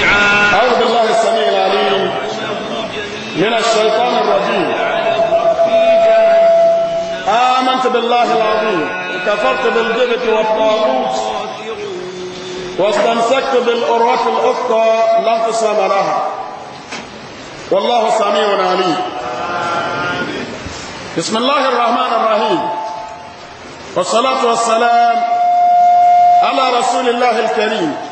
أعوذ بالله السميع العليم من الشيطان الرجيم آمنت بالله العظيم وكفرت بالجبت والطاغوت واستمسكت بالأروة الأفقى لا انقسام لها والله سميع عليم بسم الله الرحمن الرحيم والصلاة والسلام على رسول الله الكريم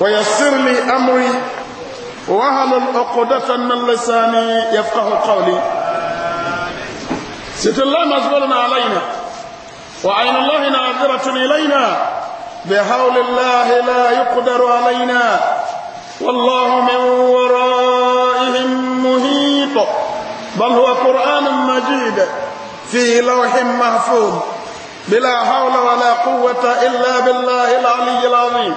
ويسر لي أمري وهل العقدة من لساني يفقه قولي ست الله مزبولنا علينا وعين الله ناظرة إلينا بحول الله لا يقدر علينا والله من ورائهم مهيط بل هو قرآن مجيد في لوح محفوظ بلا حول ولا قوة إلا بالله العلي العظيم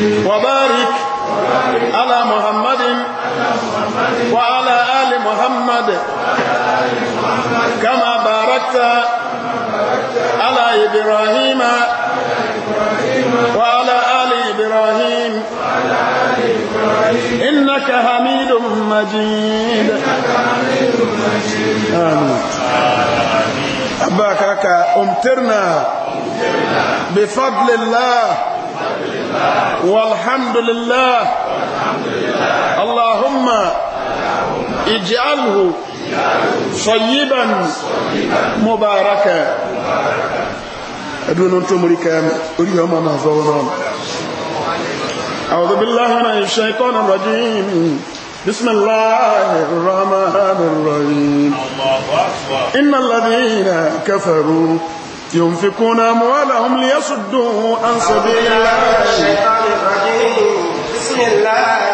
وبارك على محمد وعلى آل محمد كما باركت على إبراهيم وعلى آل إبراهيم إنك حميد مجيد آمين أباك أمترنا بفضل الله والحمد لله اللهم اجعله صيبا مباركا ادون انتم ركام اليوم انا زورون اعوذ بالله من الشيطان الرجيم بسم الله الرحمن الرحيم الله اكبر ان الذين كفروا ينفقون أموالهم ليصدوا عن سبيل الله الشيطان الرجيم بسم الله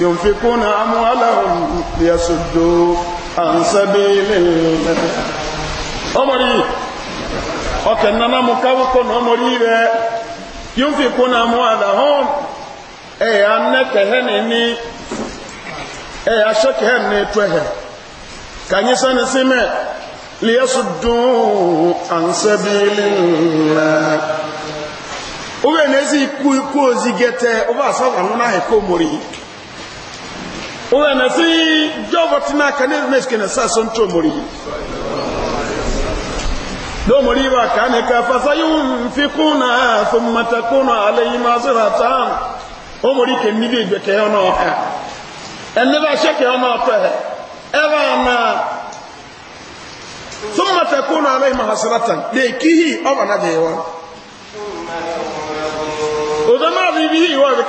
ينفقون أموالهم ليصدوا عن سبيل الله أمري أكننا مكوكن أمري ينفقون أموالهم أي أنك هنني أي أشك هنني توهن كان يسان سمع ليصدوا عن سبيل الله Owe n'ezi ikwu ikwu ozigete, obe asọ ahụ na ka o mori. wọ́n na sí jọ́bọ̀ tí náà kàní ẹ̀rẹ́sìkì na sáàsọ́ tó mọ̀rí lómọ̀rí wà kàní ká fàṣáyún fi kúnà fún matakúnà aléyìn máa sọ́rọ̀ àtàn ó mọ̀rí kẹ níbi ìgbẹ̀kẹ̀ ọ̀nà ọ̀hẹ́ ẹni bá ṣẹ́kẹ̀ ọ̀nà ọ̀tọ̀ ẹ̀ ẹ̀rọ àmà fún matakúnà aléyìn máa sọ́rọ̀ àtàn lè kíhì ọ̀bà náà jẹ́ wọn. òdòmọ́ àbíbí ìwọ̀ rẹ̀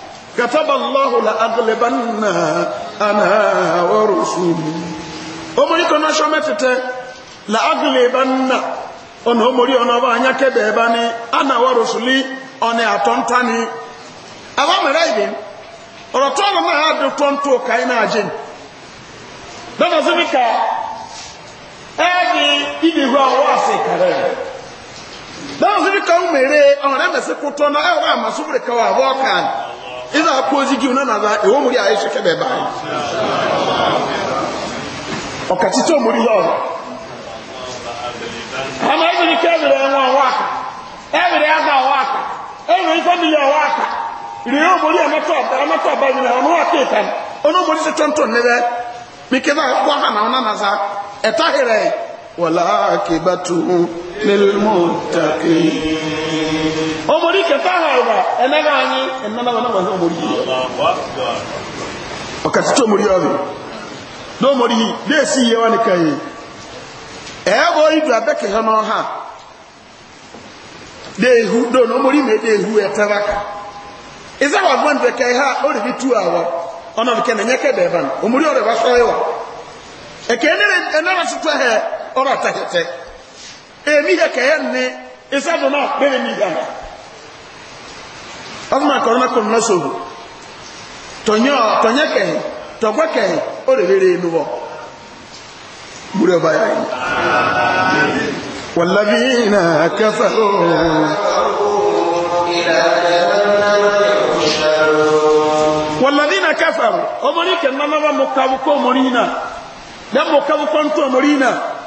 كتب الله لأغلبن أنا ورسولي أمري كنا شمتت لأغلبن أن أمري أنا وأنا كبيباني أنا ورسولي أنا أتنتني أما مرأيين ọ̀rọ̀ tó ọ̀rọ̀ náà adùn tó ń tó kàí náà jẹ́ lọ́nà sí ní ká ẹ́ẹ̀dì ìdìhú àwọn àṣẹ ìkàrẹ̀ rẹ̀ lọ́nà sí ní ká ń mèrè ọ̀rẹ́ mẹ̀sẹ̀kú tọ́nà ẹ̀rọ àmàṣúgbèrè kawà wọ́ọ̀kàn ịza akpụ ozi gị na naba ewo mụrụ ya eche kebe ebe anyị ọkachite omuri ya ọzọ ama ebiri ka ebiri enwe ọwa aka ebiri aza ọwa aka ebiri ife dị ya ọwa aka rie omuri amata ọba amata ọba nyere ọnụ ọka ịta onye omuri sị tọntọn n'ebe mikebe akwụkwọ ha na ọ na-anaza ịtaghịrị والعاقبة للمتقين أمريك فهربا أنا غاني إنما أنا وأنا أمريك وكاتتو مريوبي دو مريه ليسي يواني كاي ẹ̀ẹ́wọ̀ ìdù abẹ́kẹ̀ hàn náà dèhù dònà mórí mi dèhù ẹ̀tẹ́ra ká ìsáwà gbọ́n bẹ̀kẹ̀ ha ó rẹ̀ bí tú àwọ̀ ọ̀nà nà bẹ̀ẹ̀ ọ̀rẹ́ ọ̀rọ̀ àtàkẹ́tẹ́ èmi yẹ kẹ́yẹ́ ní ìsádùn náà péré mi yà ọdún àkọrọ náà kò ní lọ́sọ̀rọ̀ tọ̀nyẹ́ kẹ́yìn tọ̀gbẹ́ kẹ́yìn ó lè rere inú wọ múrẹ̀ ọba yà yìí wàlábí náà kẹfà wàlábí náà kẹfà ọmọ ní kẹ́ nánà bá mọ̀ kàwé kó mọ̀ rí náà dẹ́ mọ̀ kàwé kọ́ńtò mọ̀ rí náà.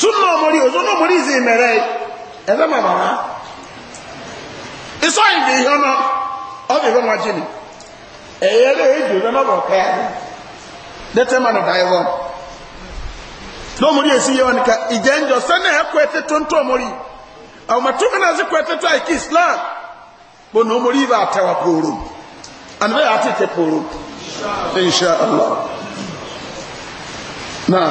súnmọ́ ọmọrí òṣónú ọmọrí ìsìn ìmẹ̀rẹ̀ ẹ̀fẹ́ màmá wá ìsọ ìdè ihe ọmọ ọbẹ̀ ìwé wọn jìnnì ẹ̀yẹ lè èjì ìwé náà bọ̀ pẹ́ ẹ̀ dẹ́tẹ́ mà nù dáyé wọn lọ́mọrí èsì yẹ wọn nìkan ìjẹ́ ń jọ sẹ́nà ẹ̀ kọ́ tó ń tó àwọn mẹtúkọ̀ náà sì kọ́ ẹ̀tẹ́ tó àìkí islam bọ́n ní ọmọrí ibà àtẹwà pòrò ànàbẹ́ yà á tètè pòrò inṣàlá. Nah.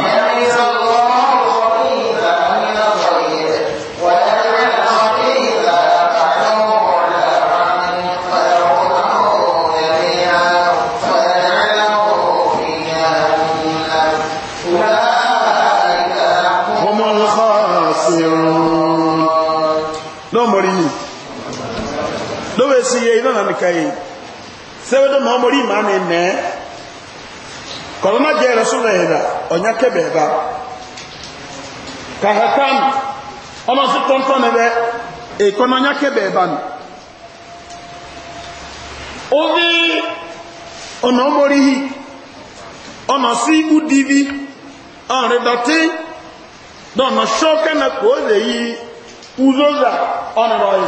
kai sɛbɛ dɔ maa mɔri maa mi nɛ kɔlɔnna jɛ yɛrɛ so na yɛlɛ ɔnya kɛ bɛɛ ba kaha kan ɔma so tɔntɔn ne bɛ ekɔnɔ nya kɛ bɛɛ ba no ovi ɔna mɔri hi ɔna si ibu divi ɔna dɔte dɔna sɔ kɛnɛ k'o yi uzoza ɔna lɔ yi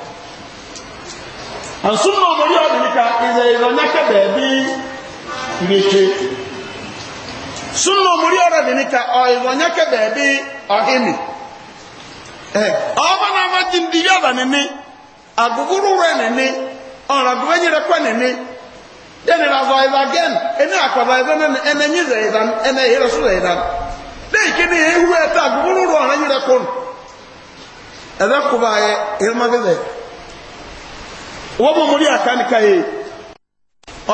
asumma omori ọdịnika ịza ịza n'aka beebi n'ike summa omori ọdịnika ọ ịza beebi ọhịmị ọba na amagye ndị yaba nene agụgụrụ ụra nene ọrụ agụgụ enyere kwa nene dene na azọ ịza gen akwaba ịza nene ene nye ịza na-eke agụgụrụ ọrụ enyere kwa ọnụ ebe ya wọ́n bọ̀ mọ́rí àkànníkà yìí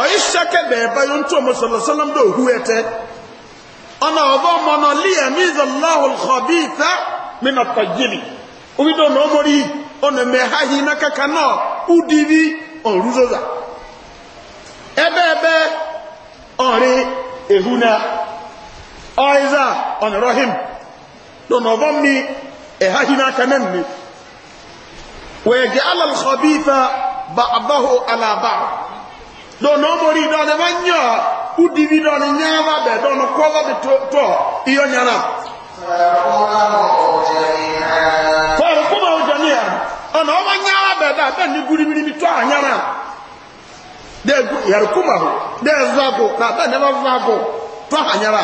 ọ̀yí sẹ́kẹ̀ bẹ̀ẹ́ báyọ̀ ń tó ọmọ sọ̀lọ̀sọ́lọ́m dò hu ẹ̀tẹ́ ọ̀nà ọ̀bọ̀ ọmọ náà líyà míza láhùl kọ̀bí ìta mína tọ̀jìlì omi dọ̀ nà ọmọrí ọ̀nà mẹ́ha yìí ná kàkà náà udiri ọ̀rúzọ́zà ẹbẹ́ ẹbẹ́ ọ̀rí ehuna ọ̀ẹ́zà ọ̀nà rọ́hìm dọ̀nà ọ̀bọ̀ mi ẹ̀ha yìí ná kàmẹ́ ba'dahu ala ba'd do no mori do ne banya udiri do ne nyama be do no ko ba to to iyo nyana fa ko ba o jamia ana o nyama be da be ni guri mi ni to anyana de yarkuma ho de zako na be ne ba zako to anyana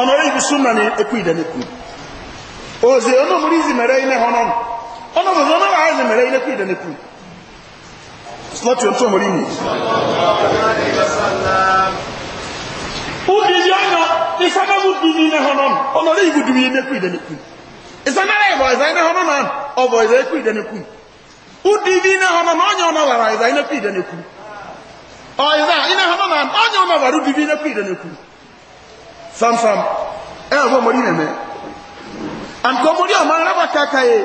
ọ̀nà orí ibi súnmọ̀ ní ẹkù ìdẹ́nẹ́kù òzè ọlọ́mọrí ìzìmẹ̀rẹ́ ilẹ̀ ọ̀nà ọlọ́mọrí ọlọ́mọrí ìzìmẹ̀rẹ́ ilẹ̀ ẹkù ìdẹ́nẹ́kù slọ́tí ọ̀tọ́ ọmọrí mi ubìdí ọ̀nà ìsànáwó dùnmí ilẹ̀ ọ̀nà ọ̀nà orí ibi dùnmí ilẹ̀ ẹkù ìdẹ́nẹ́kù ìsànáwó ìbọ̀ ìzà ilẹ̀ ọ̀nà ọ̀bọ̀ ìzà ẹkù ìdẹ́nẹ́kù udìdí ilẹ̀ ọ̀nà ọ̀nyà ọ̀nà wàrà ìzà ilẹ̀ samsam ẹ eh, wọ mọrí nẹmẹ àǹkọ mọrí ọmọ arábà kàkà yẹ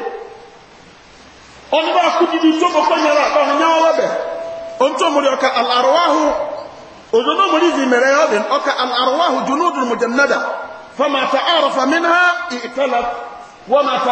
ọmọ bá kú didi tó bọ fún yàrá àbá ọmọ yàrá bẹ ọtọ mọrí ọkà alàrọwáhu òdòdó mọrí zi mẹrẹ yọ bẹ ọkà alàrọwáhu junudun mujannada fama ta arafa minha ìtẹlẹ wama ta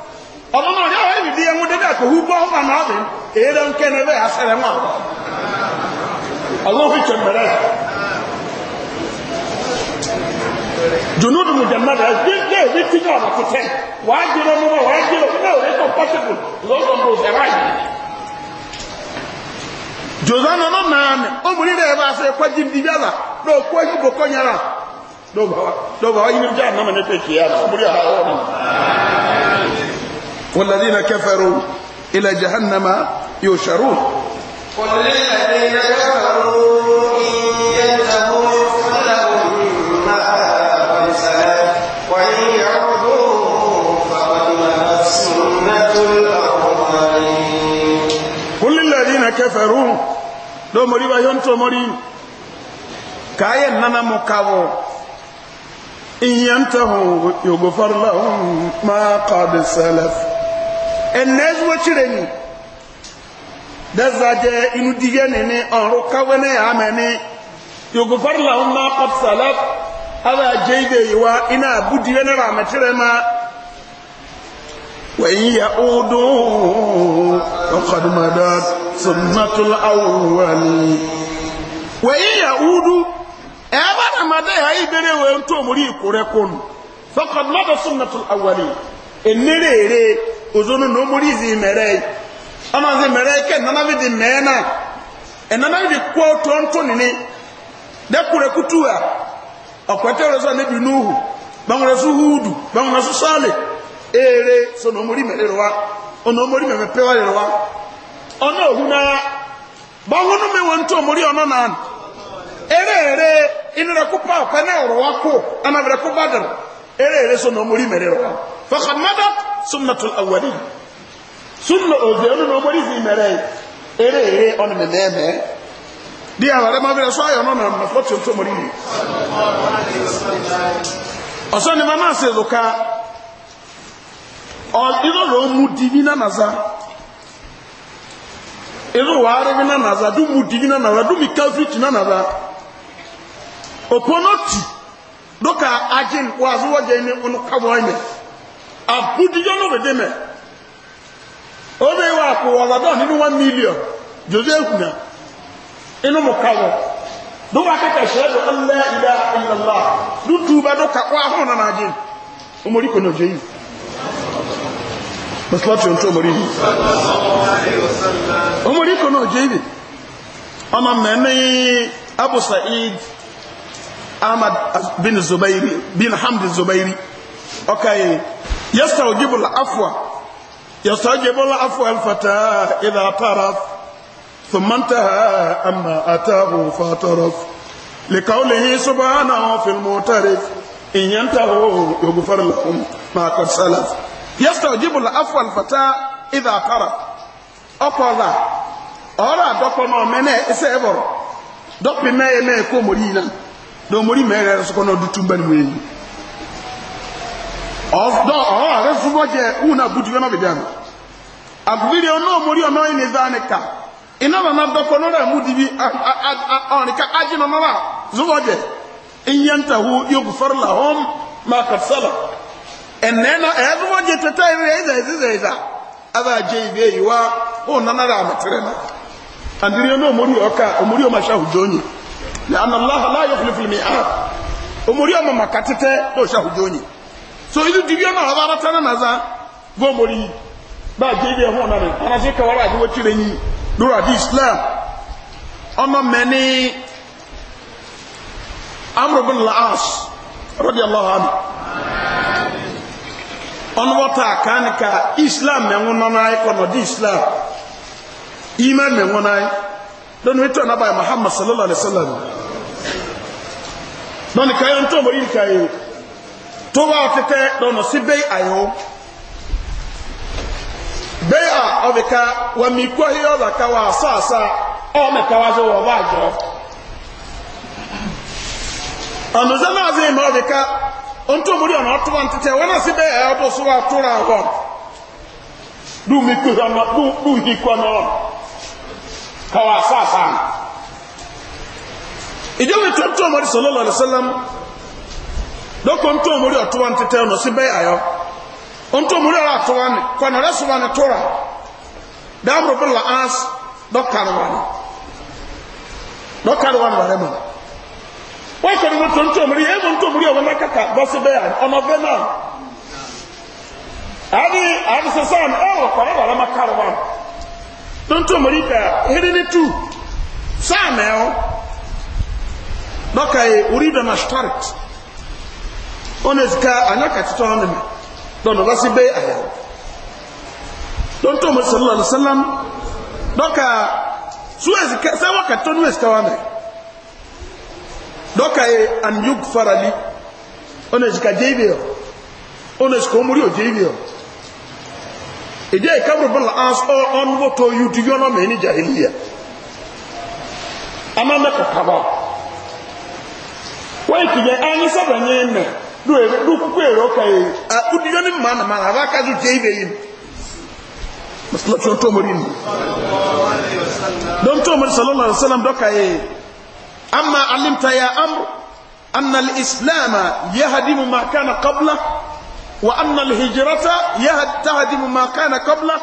ọmọ náà yóò wáyé bìbí ẹmu dédé àkóhú bọ́ ọmọ náà ọ̀dẹ̀ èèrè ń kẹ́ni ẹbẹ̀ àṣẹrẹ̀ wọn. ọlọ́run fi tẹ̀ mẹ́rẹ̀ junudu mujamma da ẹgbẹ́ ẹgbẹ́ ẹbí tí yóò ọ̀nà tẹ̀ wàá jẹ́ ọmọ náà wàá jẹ́ ọmọ náà ẹ̀kọ́ pọ́sibù lọ́sọ̀ bò ṣẹ̀rá yìí. jòzánà náà nàánì obìnrin rẹ̀ bá ṣe ẹ̀kọ́ jí bíbí àlà lọ kó ẹ̀kú bò kọ́ nyara lọ́gbà wá yìí ní bí àná mọ̀ ní pẹ̀kì yára obìnrin àhà والذين كفروا إلى جهنم يشرون والذين كفروا إن ينتهوا فلهم ما سلف وإن يعودوا فقد مهت سنة الأولين كل الذين كفروا لو مريبا ينتو مريم نانا مكاو إن ينتهوا يغفر لهم ما قد سلف enezuwe chireni dazaje inu diye nene ọrụ kawe ne ya amene yogofar lahun ma qad salaf ala jeyde yiwa ina abu diye ne rametire ma وإن يعودوا فقد مدت سنة ozonu na omori zi mere ama zi mere ke nana bi di mee na enana bi kwa otu ntu nini dekure kutu a ọkwete ọrọsọ nebi n'uhu gbanwere su hudu gbanwere su sọọlị ere so na omori mere rụwa ọna omori mere pewa rụwa ọna ohu na gbanwere mewe ntu omori ọnọ na ere ere inere kupa ọkwa na ọrụwa kụ anabere kupa dịrị Ere ere so na omori mere wa fakad madat sunnatul awwalin sunna ozenu na omori fi mere ere on me meme di aware ma bere so ayo no na ma fotu to omori ni oso ni mama se luka on ido ro mu divina naza ido wa re na naza du mu divina naza du mi kafri na naza opono ti doka ajin wazu waje ne onu kawai ne abudi yo no bede me o be wa ko wa do 1 million jose kuna inu mo kawo do wa ka la ilaha illa allah du tuba wa na ajin o mori ko no jeyi on to mori o mori ko no jeyi ama ahmad bin zubairi bin hamdi zubairi okay yastawjibu al-afwa yastawjibu al-afwa al-fata idha taraf ثم انتهى أما أتاه فاعترف لقوله سبحانه في المعترف إن ينتهوا يغفر لهم ما قد سلف يستوجب العفو الفتاة إذا قرأ أقرأ أرى دقنا من إسابر دقنا من كومرينا domori mẹ́rẹ̀ rẹ̀ sọ́kọ́ náà dútú bẹ́ẹ̀ mú èyí ọ̀dọ́ ọ̀rọ̀ rẹ̀ fúnbọ́ jẹ́ wù náà bùtù yọ́nà bìbí àná àbúrí ọ̀nà òmórí ọ̀nà ìní zánika iná màmá dọ́kọ̀ náà rẹ̀ mú dibi ọ̀rìnká ajínà náà zúbọ̀ jẹ́ ìyẹ́ntàwó yóò fọ́rọ̀ làwọn máa kà sọ́lọ̀ ẹ̀nẹ́ náà ẹ̀ zúbọ̀ jẹ́ tẹ́tẹ́ rẹ̀ ẹ̀zẹ̀ ẹ̀zẹ̀ ẹ̀zà abá jẹ́ ibi èyí wá ó nánà rẹ̀ àmọ̀tẹ́rẹ̀ náà àbúrí ọ̀nà òmórí ọ̀ka òmórí ọ̀ma ṣáà لأن الله لا يخلف الميعاد أموري أما مكاتتة لو شهدوني so idu dibi ọmọ ọba ara tẹnu nàza gbọmọri báàgì ibi na ọ̀nà na anase ka àti wọ́n tirẹ̀ yìí lórí di islam ọmọ mẹni amrobin laas rọdí allah ami ọnubọta ka islam mẹwọn nanai di islam iman na muhammad sallallahu alaihi dɔnni ka yɛn ntɔn mɔri ka yɛ tó wà fɛtɛ dɔnni si bɛyi ayɔ bɛyi a ɔbɛ ka wa mi kɔ yi ɔbɛ ka wa asaasa ɔmɛ ka wa so wɔ ɔbɛ adzɔ ɔnuzɛn náà zɛ ma ɔbɛ ka ntɔn mɔri ɔnà ɔtɔ wa ntɛtɛ wɔn asi bɛyi ayɔ tó so tó ra hɔ du mi kɔ ɔnà du du hi kɔ ɔnà ìjọba tó tó ọmọdé sọlọ́lọ́ alẹ́sẹ́lẹ́m dọ́kọ̀ ń tó ọmọdé ọ̀tọ́wà ń tẹ́tẹ́ ọ̀nà sí bẹ́ẹ̀ ayọ́ ń tó ọmọdé ọ̀rọ̀ àtọ́wà ni kọ́nà rẹ́sùnwà ni tóra dáàmùrù bí la áns dọ́kàrùwà ni dọ́kàrùwà ni wàrẹ́ mọ́ wọ́n kọ́ ni mo tó ń tó ọmọdé yẹ́n mo ń tó ọmọdé ọmọ náà kàkà bọ́ sí bẹ́ẹ̀ ọmọ bẹ́ẹ̀ náà ani ani sisan ɛwɔ kɔrɔ wàrɛ ma kàrùwà tó ń tó ọmọdé bẹ́ẹ̀ hiri ni tu sáà mẹ́wọ́ dɔkae urido na start ɔne sika anyaka tetɔ hɔ neme dɔnɔ lase be aya dɔntɔ mo sallallahu alaihi wasallam dɔka su esika sɛ wakatɔ no esika wane dɔkae an yug farali ɔne sika jeibio ɔne sika omori o jeibio ìdí ẹ̀ kábùrùbọ̀lá ọ̀nwó tó yú ti yọ́nà mẹ́ni jahiliya a máa mẹ́kọ̀ọ́ kábàá wekije anyi saba nyene duwe dukukwero kai udira ni mana mana abaka zu jeibe yin masalatu on tomorin don tomar sallallahu alaihi wasallam doka ye amma alimta ya amr anna al-islam yahdimu ma kana qabla wa anna al-hijrata yahdimu ma kana qabla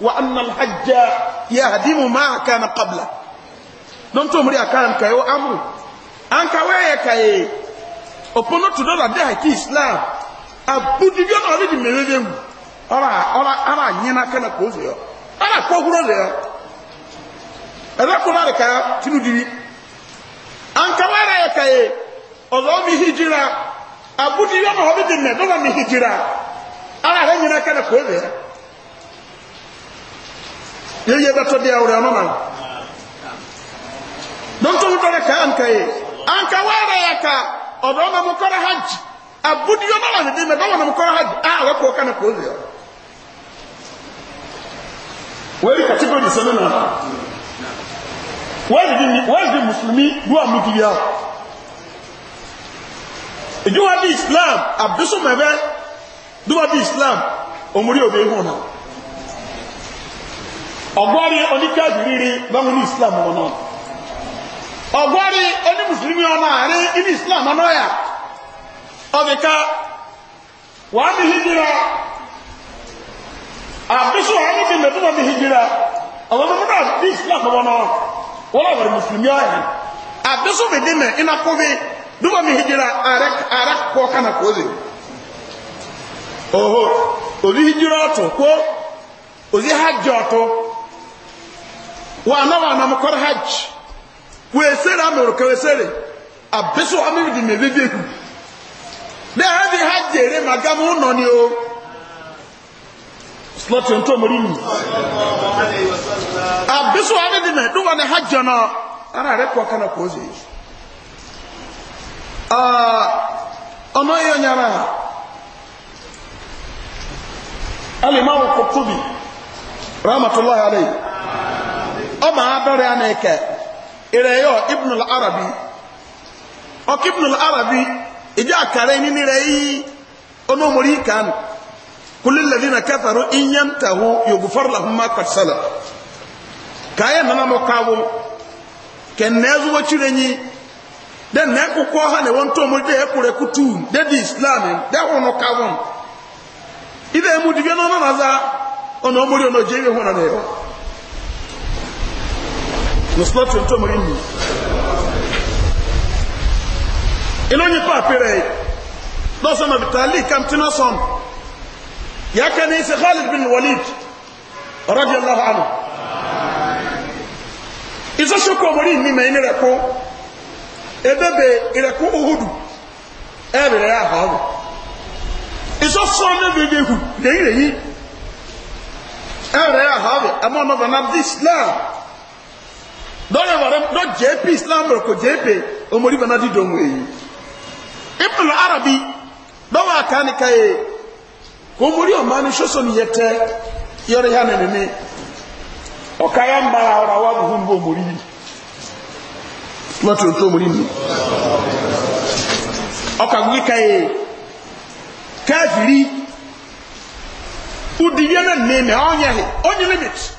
wa anna al-hajja yahdimu ma kana qabla don tomri akaram kayo amru anka wɛyɛ kae ɔpono to dɔ dade haki islam abudibia na ɔde di mmerere mu ɔra ɔra ara anyina kana kuro zɛ yɔ ara ya zɛ yɔ ɛdɛ ka tinu diri anka wɛyɛ kae mi hijira na ɔde di mɛ mi hijira ara ara anyina kana kuro bɛtɔ deɛ na dɔ de ka anka yɛ. anka wara yaka odo na mukora haji abudi yo mala de ah, na dawa na mukora haji ah wa ko kana ko yo weli katika ni sana na weli ni weli muslimi dua mudiya dua bi islam abisu mebe dua bi islam omuri obe hu na ọgbọ́n rí oníkàdì rírí báwọn ní islam wọn náà ọ̀gbọ́rí onye musulmi ọmọ ààrẹ ibi islam anọ́yà ọ̀dẹ̀ká wà á bí hijira àbísọ̀ ọmọ bí mẹ́tọ́mọ̀ bí islam ọmọ náà wọ́n musulmi ọhịa abịsụ bí dị iná kóbi dúbọ̀ bí hijira ààrẹ hajj wesere amụrụ ka wesere abịsụ amịrị dị n'ebebe ekwu na-ehe dị ha jere ma gama ụlọ ni o slọtị ntụ omori mi abịsụ amịrị dị n'edụwa na ha jọ nọ ara arịpụ ọka na kwa ozi ọnụ ihe nyara ha alimamu kutubi rahmatullahi alayhi ọ ma ha dọrọ ya na ike Ireyọ ibn arabi ọkọ̀ ibn al-arabi ìjọ àkàrẹ nínú rẹ̀ yìí onómorí kan kúlẹ̀ lẹ́bí na kẹfàró ìyẹn tàwó yògùfọ́r làhùn má kàtsálà káyẹ̀ nana mọ́ káwọ́ kẹ̀nẹ́ nyi dɛ nɛ kókó ha na tó mo dɛ kutu dɛ di islam dɛ náà ìwé nùsùlọ́ tó ń tó mọ̀rí mi inú yín pa àpẹẹrẹ lọ́sọ̀nà bitali kàmtínà sọ̀n yà kà ní sè khalid bin walid rọ́bì aláhu anu ìsọ́sọ́kọ̀ mọ̀rí mi mẹ́yìn rẹ̀ kó ebebe rẹ̀ kó ohudu ẹ̀rì rẹ̀ àhọ́ọ̀rù ìsọ́sọ́ mẹ́bẹ̀ẹ́ ehu lẹ́yìn lẹ́yìn ẹ̀rì rẹ̀ àhọ́ọ̀rù ẹ̀mọ́ islam. dɔlɛ wɔrɛ dɔ jepe islam rɛ ko jɛpe omori bana di dɔn wɛ yi ibnu arabi dɔ wa ka ye ko omori o maa ni soso ni yɔrɔ ya nɛnɛ ne n wa buhu n bɔ omori yi kuma tó n omori mi ɔka ka ye onye udi ɔnyɛ limit.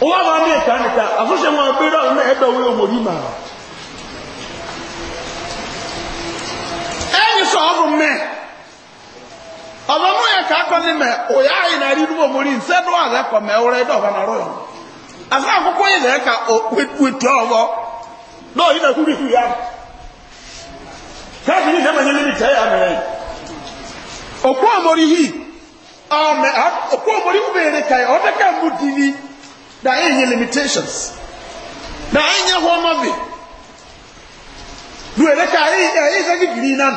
Ụwa wá ní ìka nìka àfúnṣe wọn abẹ́rẹ́ ọ̀hún náà ẹ̀dọ̀ wí ọmọ onímọ̀ àwọn. ẹ̀yin sọ ọ̀rùn mẹ́ ọ̀rọ̀ mú yẹn kakọ ní mẹ́ òyà àyìn àrí inú ọmọ orí nsẹ́nu àlẹ́ kọ̀ mẹ́ ọ̀rọ̀ ẹ̀dọ̀ ọ̀hún àrọ̀ yẹn. àfi àkókò ya lẹ́ ka wìtú ọ̀wọ́ náà yìí nàkú da enye limitations na enye hɔ ma bi duere ka eyi eyi sɛ biri nan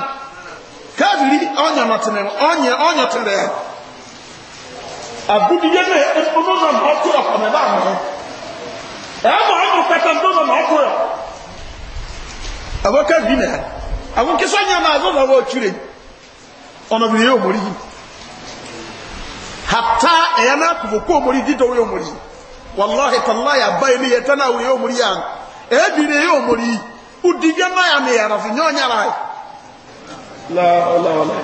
kaabiri ɔnya nɔtene ɔnya ɔnya tere Abudu yɛ ne ɔmo na ma ɔto ɔkɔmɛ ba mɛ ɛma ɔmo pɛtɛ ɔmo ma ma ɔto yɛ awo kaabiri na awo kisɛ ɔnya na azo na wɔ twire ɔnɔbiri yɛ omori hata ɛyɛ na akoko omori didɔ yɛ omori. wallahi tallahi abaye ni yetana uri yo yan e dire yo muri na ya ne yara finyo nyara la la la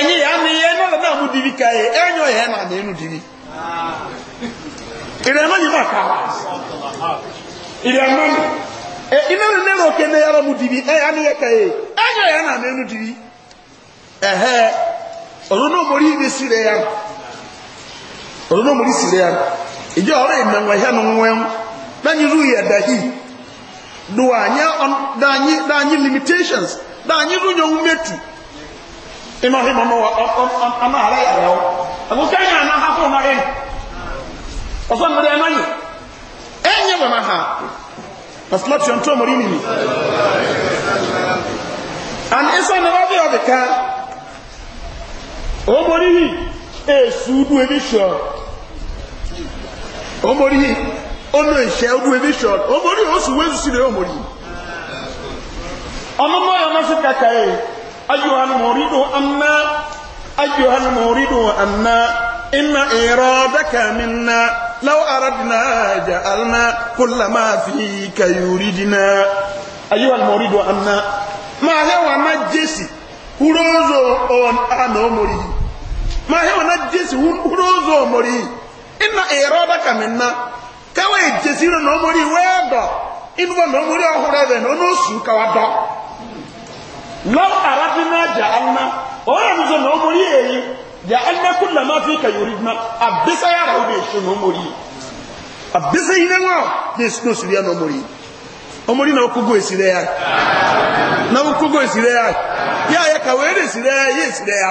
ya ni ye na kai enyo ye na ne nu diri ire ni maka ire ni e ina ke e ya ni ye kai enyo ye na ehe ibi ọ̀rọ̀ mú ìsìlẹ̀ ya ìjọ ọ̀rọ̀ ìmẹ̀wọ̀ ẹ̀hẹ́ nù nwẹ́m dáyé rú yẹ dàhí dáyé limitations dáyé rú yẹn mẹ́tù iná ọ̀hìn mọ́mọ́ wa ọmọ ààrẹ yàrá ọ àgùkẹ́ yẹn ha fún ọmọ yẹn ọ̀fọ́n mi rẹ̀ ẹ̀ ha asilati ọ̀ntọ́ mọ̀rí nìyí and isa ni wọ́n bí èsù udú ebi sọ ọmọdé yìí ọmọ ìṣẹ́ udú ebi sọ ọmọdé yìí oṣù wẹ́ẹ́sù sílẹ̀ ọmọdé yìí ọmọ mọ́ra náà sì kàkà yìí ayọ̀hán mọ̀rídùn àná ayọ̀hán mọ̀rídùn àná iná ìrọ̀ dákà mi ná láwọ́ arábìnrin àjà àlùná kó lámà fi kàyòrí dínà ayọ̀hán mọ̀rídùn àná máa hẹ́wàá má jẹ́sì kúrò ọ̀nà ọmọdé yìí ma hewa na jesi hurozo omori ina eroda kamina kawa e jesi ro na omori wedo inuwa na omori ohore ebe na ono su kawa do law aradina ja'alna ora muzo na omori eyi ja'alna kulla ma fi ka yuridna abisa ya rawu de shi na omori abisa ina wa de shi no su ya na omori omori na okugo esire ya na okugo esire ya ya ya ka were esire ya ya esire ya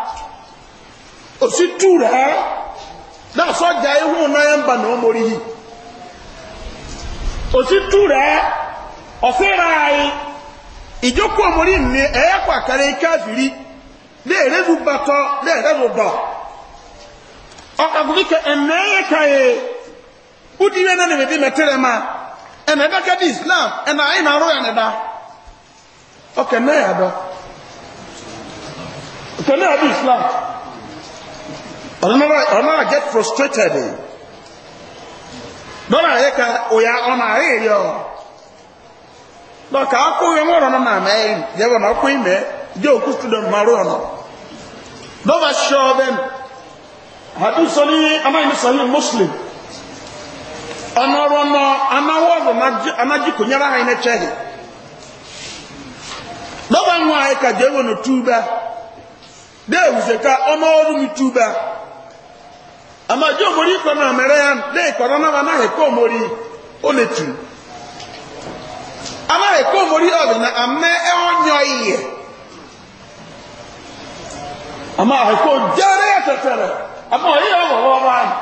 òsì tù rẹ̀ náà sọ́jà ihu náà ń bà náà mórí yìí òsì tù rẹ̀ ọ̀fẹ́ ra ayé ìjókòó mórí ní ẹ̀yẹ́kọ̀ àkàrẹ̀ káfìrí léèrè bu bàtọ̀ léèrè bu dọ̀ ọ̀kàkùnrin kẹ ẹ̀mẹ́ yẹ káyé údí yẹn náà nìbẹ̀bí mẹ́tẹ́rẹ̀ máa ẹ̀nà ẹ̀dá kẹ́ di islam ẹ̀nà ayé náà rọ̀ yẹn nìdá ọ̀kẹ́ náà yà dọ̀ ọ̀kẹ́ náà yà di islam. na get frustrated lọ́nà ya ka òyà ọ̀nà àríyè yọ lọ́kà akóyè mọ́ ọ̀nà náà mẹ́rin yẹ́wọ̀ na kó ìmẹ́ jẹ́ òkú student maru ọ̀nà lọ́ba ṣọ́ ọbẹ̀ àdú sọ ní amaghị sọ ní muslim ọ̀nà ọ̀rọ̀ ọ̀nà ha amaghị omori ikọ na mere ya na-ekọrọ na anaghị ekwe omori oletu anaghị ekwe omori ọdị na ame ọnyọ ihe amaghị ekwe jere ya tetere amaghị ihe ọghọghọ ọba ahụ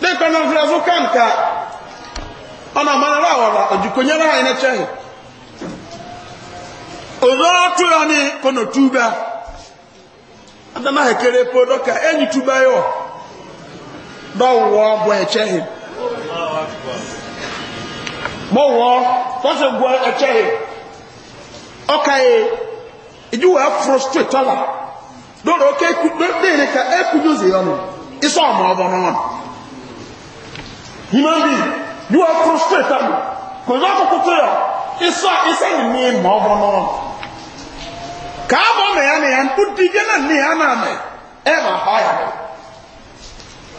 na-ekọ na mfere azụ ka nka ọ na-amanara awọla ojikonyere anyị na-echeghị ozo ọtụ ya ni kọnọ tuba adanaghị ekere podo ka enyi tuba ya ọ dɔwɔ bɔ ɛkyɛ he bɔwɔ tɔsɛ bɔ ɛkyɛ he ɔka ye edu wɔ aforo straight ala dɔwɔ ɔka eku deere ka eku do zi ɔno isɔ ɔmo ɔbɔ no wɔn human being you wɔ aforo straight ala kò nyɛ koko to yɛ isɔ isɛ yi ni ma ɔbɔ no wɔn kaa bɔ mɛ ya nkudi bi na ne mɛ ɛ ma ba ya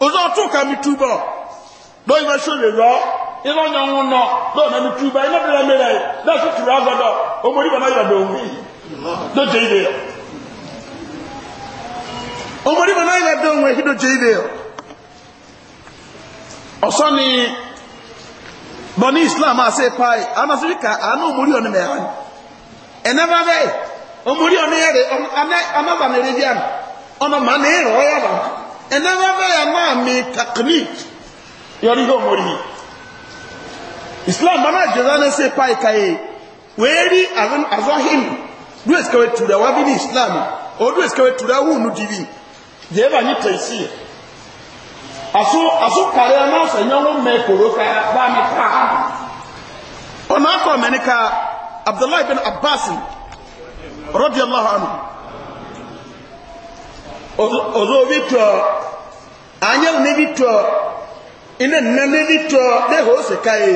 ọzọ ọtụka mi tuba lọọ ibe so le ilé nọ na mi tuba ilé ọdún ẹmí rẹ lọọ sì tùrọ agbọdọ ọmọ oníbàmá yọdọ òun lọjọ ibe yọ ọmọ oníbàmá yọdọ òun ibe ọsọ ni islam ase ka ana omori ọni ẹ̀nà bàbá yà máa mi taknik yọrí yóò mọ̀rí yìí islam bàbá jẹ́dá ní sí ipa ìkàyè wèé rí azọ́hìn dúró ìsìkẹwé tùrẹ̀ wá bí ní islam ó dúró ìsìkẹwé tùrẹ̀ wù nù dìbì jẹ́ bà ní tẹ̀sí àsú kàrí ẹ̀ náà sẹ̀yìn ọ̀hún mẹ́ kòró ká bá mi ká ọ̀nà akọ̀ mẹ́ni ká abdullahi bin abbas rọ́díọ̀lọ́hàn ọzọ obi tọ anya ne bi tọ ina nna ne bi tọ ne ho se kae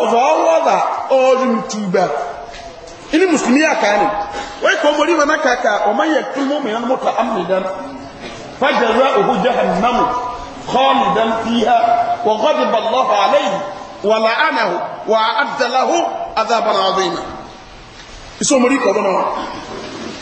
ọzọ ọwọ ba ọdụ ntuba ini musulmi aka ne wai ko mori wa maka ka o man yaktul mu'minan muta'ammidan fajra'uhu jahannam khalidan fiha wa ghadiba Allah alayhi wa la'anahu wa a'adda lahu adhaban 'azima iso mori ko bana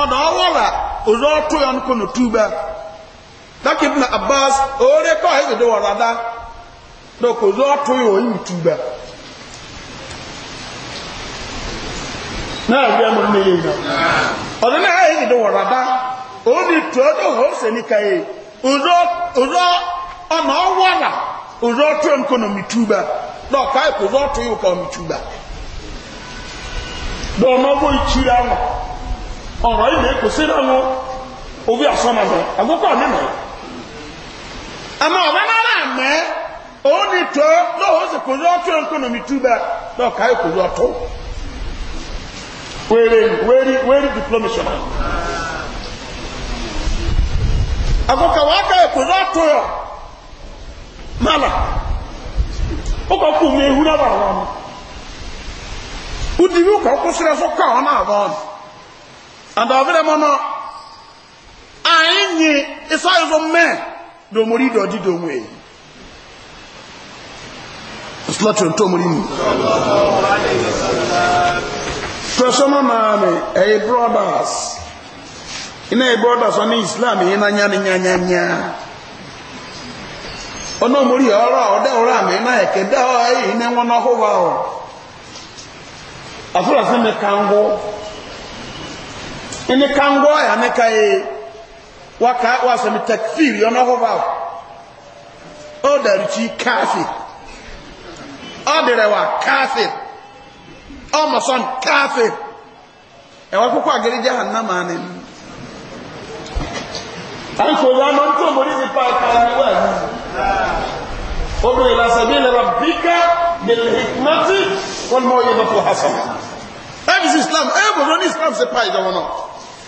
ọ̀nà ọwọ́ra òzò ọ̀tún yọ nkọ nà túbà dákì ibùnà abbas òórè kọ́ ẹ̀sìn dè wọ̀rọ̀ adá dọ̀kọ̀ òzò ọ̀tún yọ òyìn Na abịa bí ẹnu ní yìí nà ọ̀dọ̀ náà ẹ̀sìn dè wọ̀rọ̀ adá ọ̀rọ̀ ilé kò sí ránwó orí ọ̀sánmà lọ àgbókò ọ̀nẹ́mọ̀ àmọ́ mẹ́ òun ni tó lóòó sì kò rí ọtún mi túbẹ̀ náà káyọ̀ kò rí diplomation àgbókò wà ka kò rí ọtún mọ́là ó kọ́ kú mi ewu náà wà ó di wí kọ́ And ọbẹrẹ mọ nọ àyìn nyi ìsáyọsọ mẹ domori dọdí domu èyí ìsúlọtì ọtọ mọ nínú. tọ́sọ́mọ́ máa mi brothers iná ẹ̀yin brothers islam yìí ini kango ya ne kai waka wasa mi takfir yo no hova o daru chi kafir o dere wa kafir o mo kafir e wa koko agere jahannam ani an so ya no to mori ni pa ka ni wa ni odu ila sabil rabbika bil hikmati wal mawidati hasana Every Islam, every Islam se pa idawono.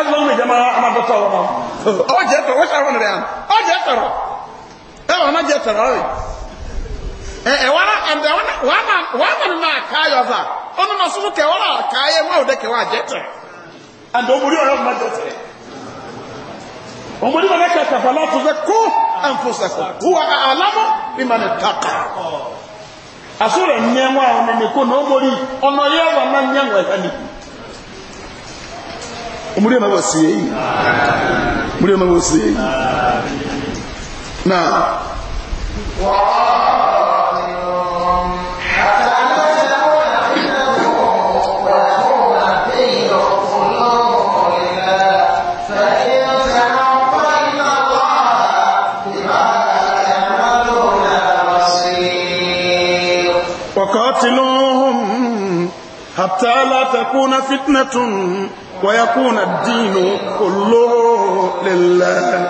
ẹgbẹ́ mi jẹ́ máa amadọ́tọ̀ wọn náà ọ jẹ́ tọrọ wọ́n ṣàwọn rẹ̀ ọ jẹ́ tọrọ ẹ wọn jẹ́ tọrọ rẹ̀ ẹ wọn àndẹ wọn àmà nínú àkáyọ ọ̀fà ọ̀nà náà sọ́sọ́ kẹwọ́n náà àkáyẹ wọn ò dẹ kẹwọ́n àjẹ́ tẹ̀ àndẹ ọmọdé ọ̀rẹ́ ọmọ jẹ́ tẹ̀ ọmọdé ọ̀rẹ́ kẹta fàlà tó fẹ́ kó ànfọ̀sẹ̀kọ̀ wúwa àlámọ́ ìmọ̀ ní kàkà àsọ̀rọ̀ nyẹ́wọ́ àwọn ọmọ mi kó ní ọmọdé ọ̀nà yẹ́wọ́ náà nyẹ́wọ́ ẹ̀ka nìkú muri ma wasi yi muri ma wasi yi na وقاتلوهم حتى لا تكون فتنه ويكون الدين كله لله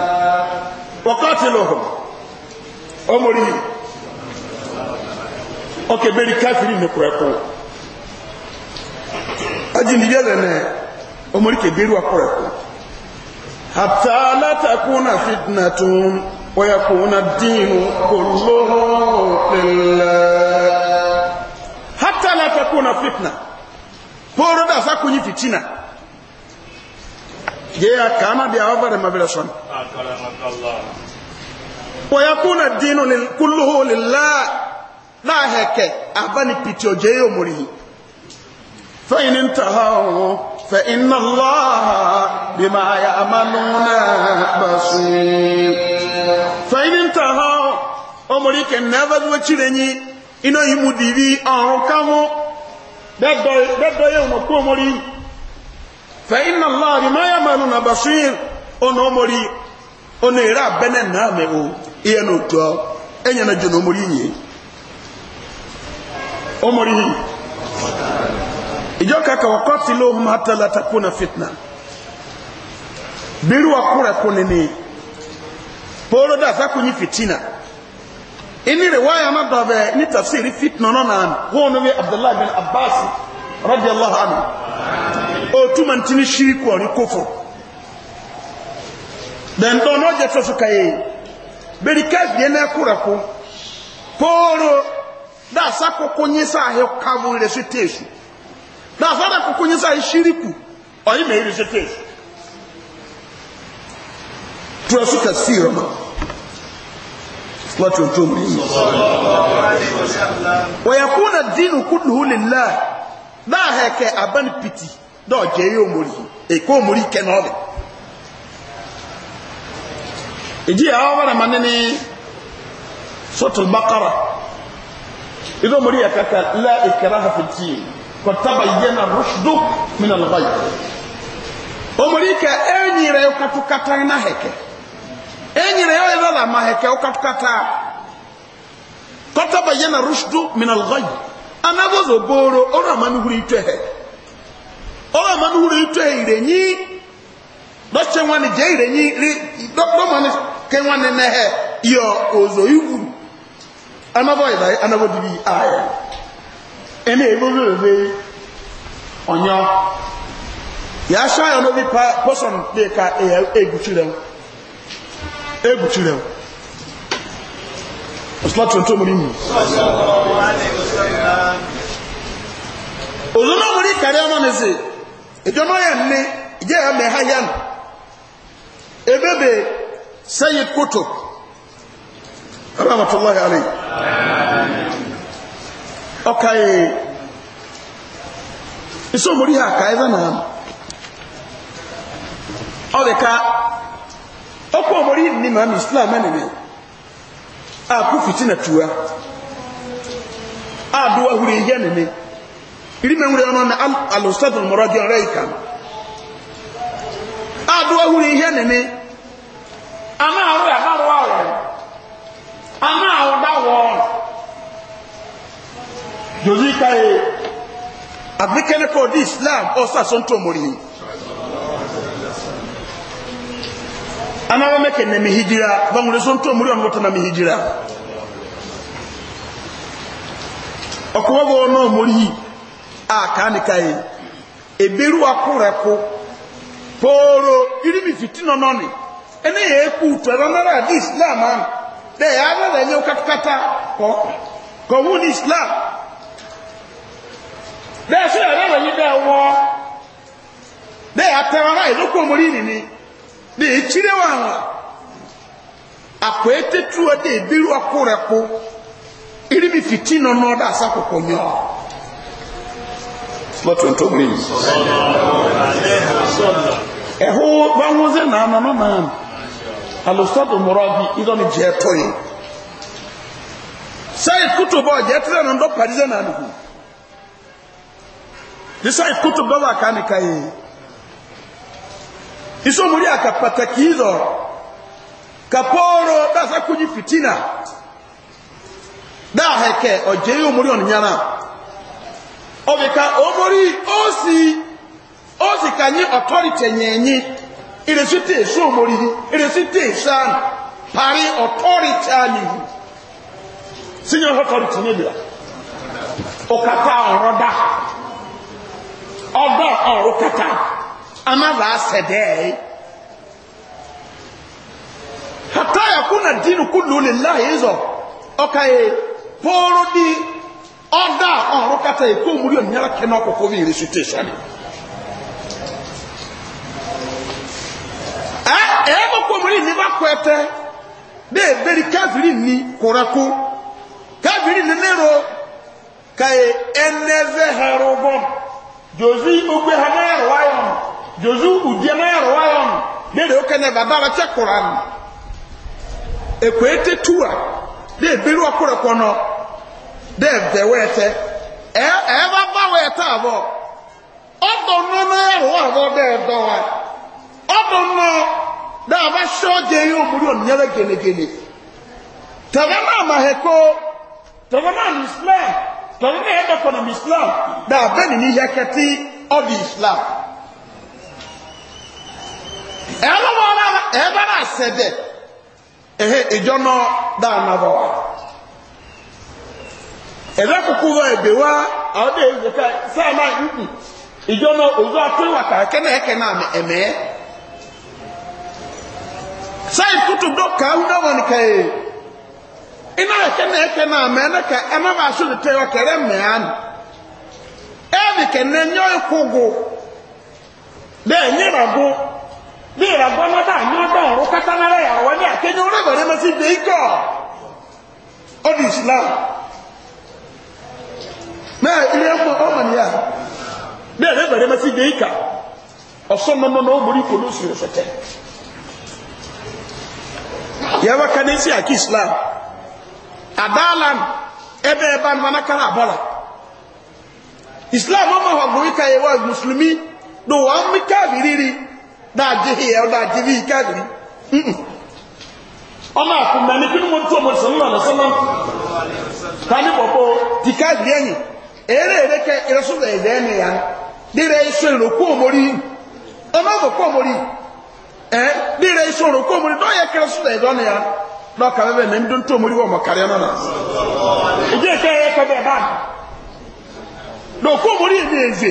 وقاتلهم أمري أوكي بيري كافرين نكوكو أجي نجلنا أمري كبير وكوكو حتى لا تكون فتنة ويكون الدين كله لله حتى لا تكون فتنة فوردا ساكوني فتنه جيا كان بيا وفر ما بلسون ويكون الدين لل... كله لله لا هيك أبني بيتو جيو مريه فإن انتهوا فإن الله بما يعملون بصير فإن انتهوا أمريكا نفذ وشرني إنه يمدي بي أنركه بدا يوم كومريه فإن الله بما يعملون بصير na أنيرا بنن نامو إينوتو أنينا جنومري أمري إجوكا وقتلوهم حتى لا تكون فتنة biru akura kunini polo da sa kunyi fitina ini riwaya na dove ni tafsiri fitna nona hono bi Abdullahi bin abbas rọ́bì allah anu o túmọ̀ tí ní ṣíríkù ọ̀rí kófò dẹ̀ndọ́ ọ̀nà ọjà tó sùkà yìí bẹ̀rì káàdì ẹ̀ náà kúrẹ̀ kú pòórò dáàsá kókó yín sáà yẹ káwó rẹ̀ sí tèèṣù dáàsá dá kókó yín sáà yẹ ṣíríkù ọ̀rí mẹ́rin rẹ̀ sí tèèṣù sí ìrọ̀mọ́ láti ojú omi wọ̀yẹ̀kú na dínú kúlùú lè láà daa ha kɛ aban piti dɛ ɔgye yi omori eko omori kɛ n'ɔbɛ ìdí yà ɔbɛ dama nini sotul bakara ìdí omori yɛ kaka la ìkara ha fiti kɔtaba yɛna rushdu mina lɔbɔyi omori kɛ ɛnyɛrɛ e yɛ katukata na hɛkɛ ɛnyɛrɛ e yɛ lɔla ma hɛkɛ katukata kɔtaba yɛna rushdu mina lɔbɔyi. Anabu boro o amanuhuru omanuhulitu ehe o no omanuhulu ito ehe irenyi dọtia nwanne je irenyi dọ dọmọnụ kemgbe nnehe yo ozo iguru anabu ọyịba anyị anabu dibi ahịa. Enyo ya ebi obi onyo ya asa ya n'obi pa dị ka egwu egwukyerewụ. ọ̀sùlátì tó mú nínú òzò náà mú ní kàrí ọmọ ní sí ìjọ náà yẹn ní ìjẹ́ ẹ̀yọ́ mẹ́ha yẹn ebébè sẹ́yìn kótó rahmatullahi alayhi ọkà yìí ìsọmọrí ha kàí bá náà ọ̀rẹ́ka ọkọ̀ ọmọrí ní màmí islam ẹni nìyẹn aku fitina tuwa aduwa huri yene ne irime huri ono na al ustad al muradi raika aduwa huri yene ne ama awu ya haru awu ama awu da wo jozi kai abikene ko di islam o sa son to mori ama bameke ne mihijira bangulezo ntu omuli ono tana mihijira okuba boona omuli akaanikaye ebiru akureko pooro iri mifitina noni ene yeekuutu abanara adị islam ano de yaabala enye kọ kowuuna islam de so yaabala enye dewo de atewara ezoku omuli nini de ekyire wa ho akwa etetuo de ebiru akorɛko irimi fiti no no ɔda asa kokonyɔ mɔtontomri ɛho bahoze naano no naano alosado mmorɔ bi idɔ no gyeɛ toye sɛ kutu bɔ gyeɛ tere no ndɔ parize naano ho de sɛ kutu bɔ wa ne ka yie iso muri aka pataki hizo kaporo dasa kunyi fitina da heke ojeyo muri onyana obika omori osi osi kanyi authority nyenyi iresite eso omori iresite san pari authority ani senior authority ni bia okata ọrọ da ọdọ ọrọ kata ama za asɛdɛɛ hata yakuna dinu kullu lillahi izɔ ye pooro di ɔda ɔrɔ kata yi e, kó muri onyara kɛnɛ ɔkoko bi irisute sani ɛ ɛyɛ e, bɔ kó muri niba kɔɛtɛ bɛɛ bɛri ni kɔrɔko kafiri ni nero kaye ɛnɛvɛ hɛrɛ bɔ dozi hɛrɛ jozu udiana ya eruwa ya ọnụ mere oke na baba ba cha kụrụ anụ ekwete de ebiri de ete ebe ete abụọ ọdọ nnọ na ya rọwa abụọ de dọwa ọdọ nnọ de aba shi ọjọ ihe islam islam ni islam. ẹlọ́wọ́ ara ẹ̀ẹ́bá náà sẹ́dẹ̀ ẹ̀hẹ́ ìjọ náà dáadáa wà ẹ̀dá kúkú wọ wa wá àwọn èèyàn ká sáà náà yìí ìjọ náà òzú àtúnyẹ̀wà kàkẹ́ náà ẹ̀kẹ́ náà ẹ̀mẹ́ sáyẹn kútu dó kàáwù náà wọn kà yé iná ẹ̀kẹ́ náà ẹ̀kẹ́ náà mẹ́ ẹ̀ná kà ẹ̀ná bá aṣọ lè tẹ̀wọ́ kẹrẹ́ mẹ́ánì ẹ̀ẹ́nì kẹ̀ náà nyọ́ ẹ̀kú bí ìràgbọ́nọ́dà ní ọdún ọ̀rọ̀ kátánárà ìyàwó ní àkẹ́yẹ onígbàdé mọ́ sí ibẹ̀ ọ ọdún islam náà ilé ẹ̀kọ́ ọmọ nìyà bí ìràgbàdé mọ́ sí ibẹ̀ ikà ọ̀sán na náà mórí kò ló sì rẹ̀fẹ̀tẹ̀ yàwó kan ní sí àkí islam àdáàlán ẹbẹ̀ ẹ̀bá ní wọn kára àbọ̀là islam ọmọ ọgbọ̀n ikà yẹwọ́ mùsùlùmí lòwọ́ mú káàbì dáàjì hìyẹ ọ dáàjì bí káàdì ọmọ àkùnmẹ ní kínú mo tó mo sọ nílò lọsọlọ tani bọbọ ti káàdì ẹyìn èrè èrè kẹ ìrẹsùlẹ ẹdẹ ẹni ya dìrẹ iṣu èrò kú òmórí ọmọ àgbò kú òmórí ẹ dìrẹ iṣu èrò kú òmórí dọ́ọ̀yẹ kẹrẹsùlẹ ẹdọ ni ya lọ́ọ̀ka bẹ́ẹ̀ mẹ́ ndó tó mórí wọ̀ mọ̀ kárí ọ̀nà náà ìdí èké ẹ̀yẹ kẹ bẹ́ẹ̀ báyìí lọ́ọ̀kú òmórí ìdí èzè.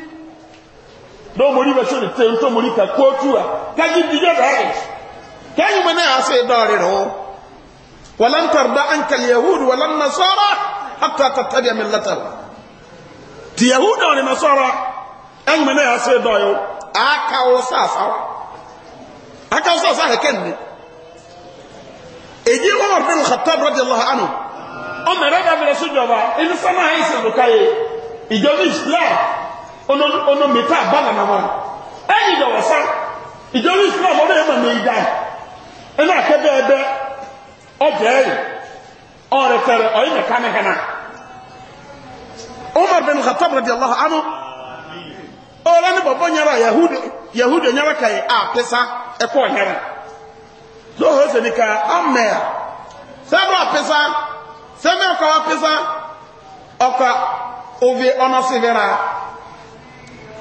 don't believe I should tell to Monica Kotua. Can you be your age? Can you when I say daughter at ولن ترضى عنك اليهود ولا النصارى حتى تتبع ملتهم. اليهود ولا النصارى ان من يا سيد دايو اكا وساسا اكا وساسا هكني ايدي عمر بن الخطاب رضي الله عنه عمر رضي الله عنه ان سماه يسلكاي يجوز لا ono meta bala na wọn ẹni dọ wọsa ìjọba islam ọdọ yẹn mọ ní ìdá ẹni akẹbẹ ẹbẹ ọjọ ẹyìn ọrẹ fẹrẹ ọyẹ mẹka ní hẹnà umar bin khattab radi allah anu ọrẹ ni bọbọ nyara yahudi yahudi nyara kẹyìn a pẹsa ẹkọ e ọhẹrẹ lóhùn ẹsẹ nìka amẹa sẹbẹ apẹsa sẹbẹ ọkọ apẹsa ọkọ ovi ọnà sivira.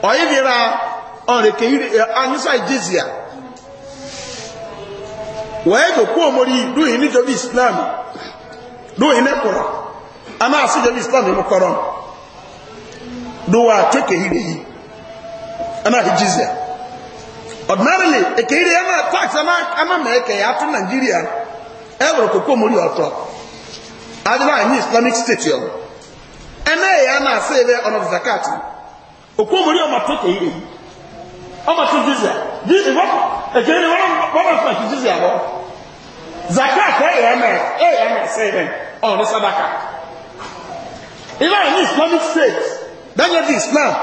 ọ̀yẹ́bìra ọ̀rẹ̀kẹ̀ anyúsá ìjẹ́sìá wẹ́ẹ̀dọ̀ kú omori lóyìn níjọba islam lóyìn ihe a máa sí ìjọba islam mọ́kọ̀rọ̀ lówà tẹ́kẹ̀ hìrẹ̀ yìí a máa hì jẹ́sìá ordinarily èkè ya na náà ama a máa ya atụ á tún islamic okwomori ọma ọmọ tó kè jizia ọmọ tó jíjẹ jíjẹ wọ́n ẹ̀jẹ̀ ni zakat ẹ̀yẹ̀mẹ̀ ẹ̀yẹ̀mẹ̀ sẹ́yẹ̀mẹ̀ sadaka ilé ẹ̀ islamic state daniel islam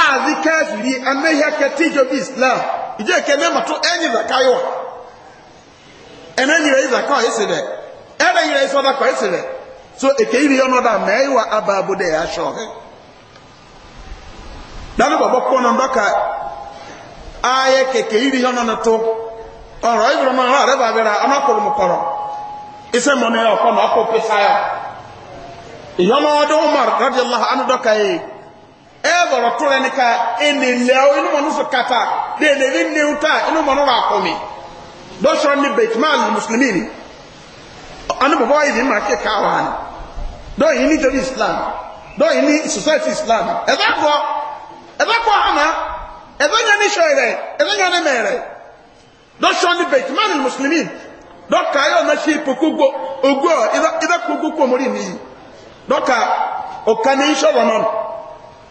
aazi káfìrí amẹ́yà kẹtíjọ bí islam ìjọ ìkẹ́ ní ẹ̀mọ̀tò ẹ̀yìn zakayọ̀ ẹ̀nẹ́yìn rẹ̀ zakayọ̀ ẹ̀sìn sadaka ẹ̀sìn rẹ̀ so èkéyìí rí ọ̀nà dà mẹ́ẹ̀wà abàbọ̀dẹ̀ dani bɔbɔ kɔnɔ ndɔka ayɛ kɛkɛ yiri hɔn nɔnɔ to ɔrɔ ibiri mɔ ɔrɔ rɛba bɛra ɔmɔ kɔrɔ mu kɔrɔ isɛ mɔni yɛ ɔkɔnɔ ɔkɔ pesa yɛ ìyọnà ọdún umar radi allah anu dɔka yi ɛ bɔrɔ tóra ni ka ɛnì lɛw inú mɔnu sɔ kata de ɛnì bi niw ta inú mɔnu rà kɔmi dɔsɔrɔ ni bɛtuma musulmi ni anu bɔbɔ yi ni ma kɛ kaa wa ni dɔw yi ni joli islam dɔw yi ni society islam ɛfɛ kɔ ɛbɛkɔ hana ɛbɛnya ne hyɛrɛ ɛbɛnya ne mɛrɛ dɔsɔn ne bɛt man ne musulmi dɔka ayɛ ɔna hyɛ pokogo ogo a ɛbɛkɔ ogo kɔmori ne yi dɔka ɔka ne do wɔn no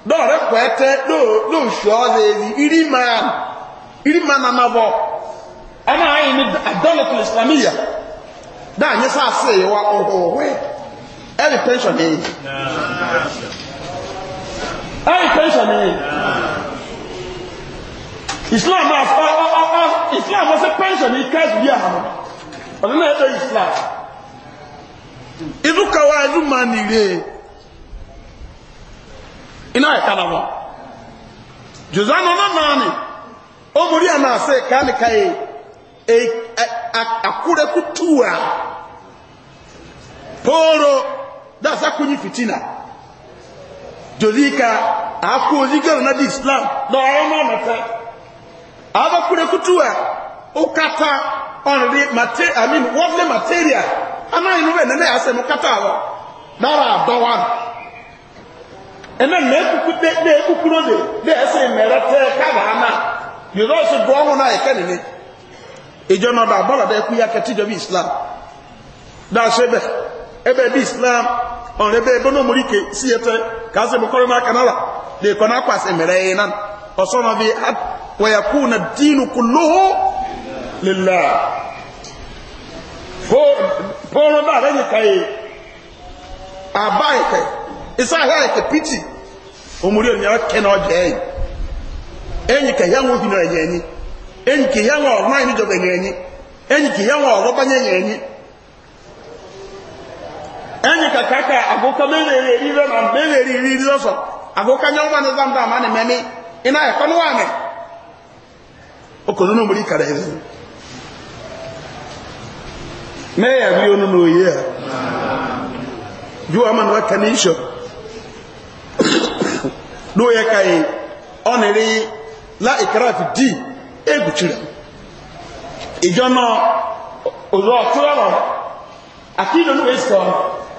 dɔɔrɛ kɔɛtɛ dɔɔ dɔɔ nsuo ɔdɛɛbi iri maa iri maa nana bɔ ɛna ayɛ ne adɔlɔtɔ islamiya daa nyɛ sɛ ase yɛ wa ɔhɔhɔɛ ɛne pension ne yi ẹ̀yìn tẹ́ńṣọ̀n ni islam islam ọ̀sẹ̀ pẹ́ńṣọ̀n ni kẹ́ẹ̀sì bí àhàmọ́ ọ̀dún náà ẹ̀ṣẹ̀ islam ìlú kawà ìlú ma nìre iná ẹ̀ka na wọn jùzánà náà máa ní ó múrí àmà àṣẹ káàmìkáyé akúrẹ́kú túwà póòrò dáṣà kúnyí fìtínà Jolika jodika akoziga na di islam na ọma mata aba kure kutua ukata on the mate i mean worldly material ana inu be na ase mu kata awo dara dowa Ena me kuku de de kuku no de de ese merete ka ba na you don't so go on na ikani ni ijo no da bola da ku ya ketijo bi islam da sebe ebe di islam on rebe bono murike siyete kasi bukoro ma kanala de kona kwase mere nan osono bi na wa yakuna ad-din kulluhu lillah fo polo da re kai abai kai isa ha ke piti omuri on ya ke no je enyi ke ya wo bi no enyi enyi ke ya wo ma ni jobe enyi enyi ke ya wo ro banye enyi ẹni kàkàkà àgókà mẹ́rẹ̀ẹ̀rẹ̀ rí rẹ́mà mẹ́rẹ̀ẹ̀rẹ̀ rí rí lọ́sọ̀ àgókà ní ọmọ ní zambà àmà ní mẹ́mí iná ẹ̀kọ́ ní wà mẹ́ okòrónú múrí kàrẹ̀ ẹ̀rí mẹ́yà rí onú ní òye ẹ̀ ju ọmọ ní wákà ní ìṣọ̀ ló yẹ ká yìí dì ìjọ náà òzò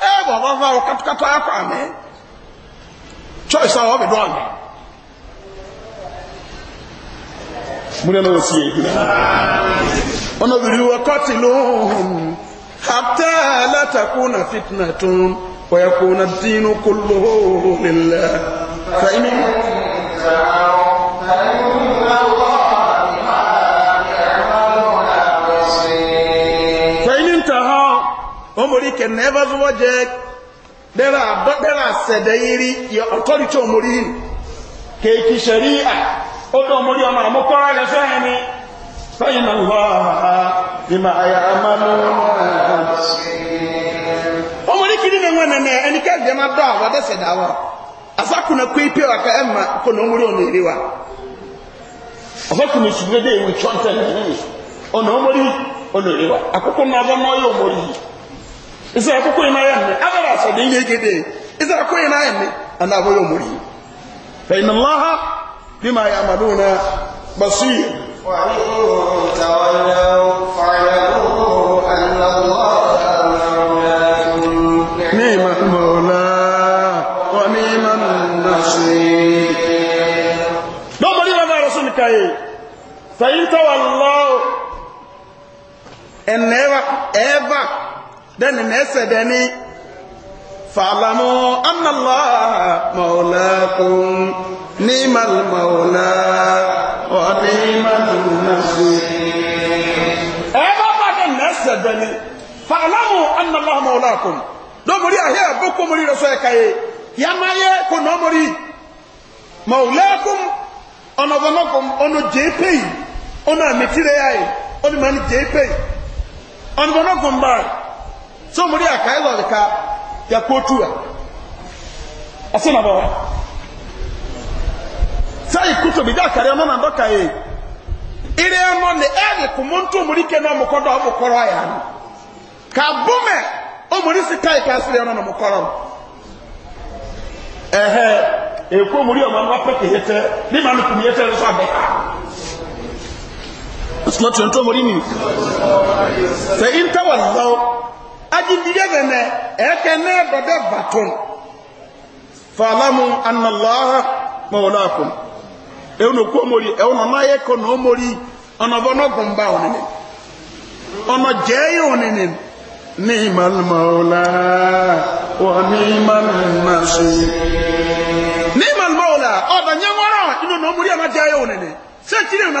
ẹ eh, bọ̀ bá fà wọ katukatu akọ àmì choice àwọn ọbẹ̀ dọ́ọ̀nù múlẹ̀ náà sí èyí ọ̀nà òbìrì wọ kọ́tì lóhùn hàtẹ́ látàkùnà fitna tún wọ́yẹ̀kùnà dínú kúlóhùn lílẹ̀ fẹ́mi. omori ke ebe zuwa je there are there are sedayiri omori sharia omori ama mo ko ara so hen omori kiri ne wana ne eni ka je ma do awa wa ka emma ko no omori oniri wa asakuna shigede we wa na ba isa akoko ina ya ne agara so de yege de isa akoko ina ya ne ana bo yo muri fa inna allaha bima ya'maluna basir wa in tawallaw fa'lamu anna allaha ni'ma mawla wa ni'ma nasir dẹ́ni mẹ́sẹ̀ dẹ́ni fàlámù annàlá mọ̀lákùn ní màlmọ̀lá ọ̀ní màlmọ̀lá ẹ bá bá dẹ́ni mẹ́sẹ̀ dẹ́ni fàlámù annàlá mọ̀lákùn lọ́mọrí àhẹ́ àbúkọ́ mọ̀rí rẹ̀ sọ ẹ̀ka yẹ yàmáyé kò nà ọmọrí mọ̀lákùn ọ̀nà ọ̀bọ̀nọ́kùn ọ̀nà jẹ́pẹ́ yìí ọ̀nà àmì tìrẹ́yà yìí ọ̀nà ìmọ̀ jẹ́pẹ́ yìí ọ̀nà ọ̀bọ̀nọ́kùn báyìí so muri aka ilo ka ya kotu ya asina bawa sai kuto bi da kare mo na ndoka e ire mo ne e ni ku muntu muri ke no mukodo obukoro ya ka bume o muri sikai ka asire no mukoro ehe eko muri o ma no peke hete ni ma no ku hete so abe It's not your tomorrow. Say in tawallahu ajidiriyagana ekene bada batun falamu anallaha maulakum euno ko mori euno na ye ko no mori ono bono gumba onene ono jeyo onene nimal maula wa nimal nasir nimal maula oda nyamara ino no mori ama jeyo onene se kire na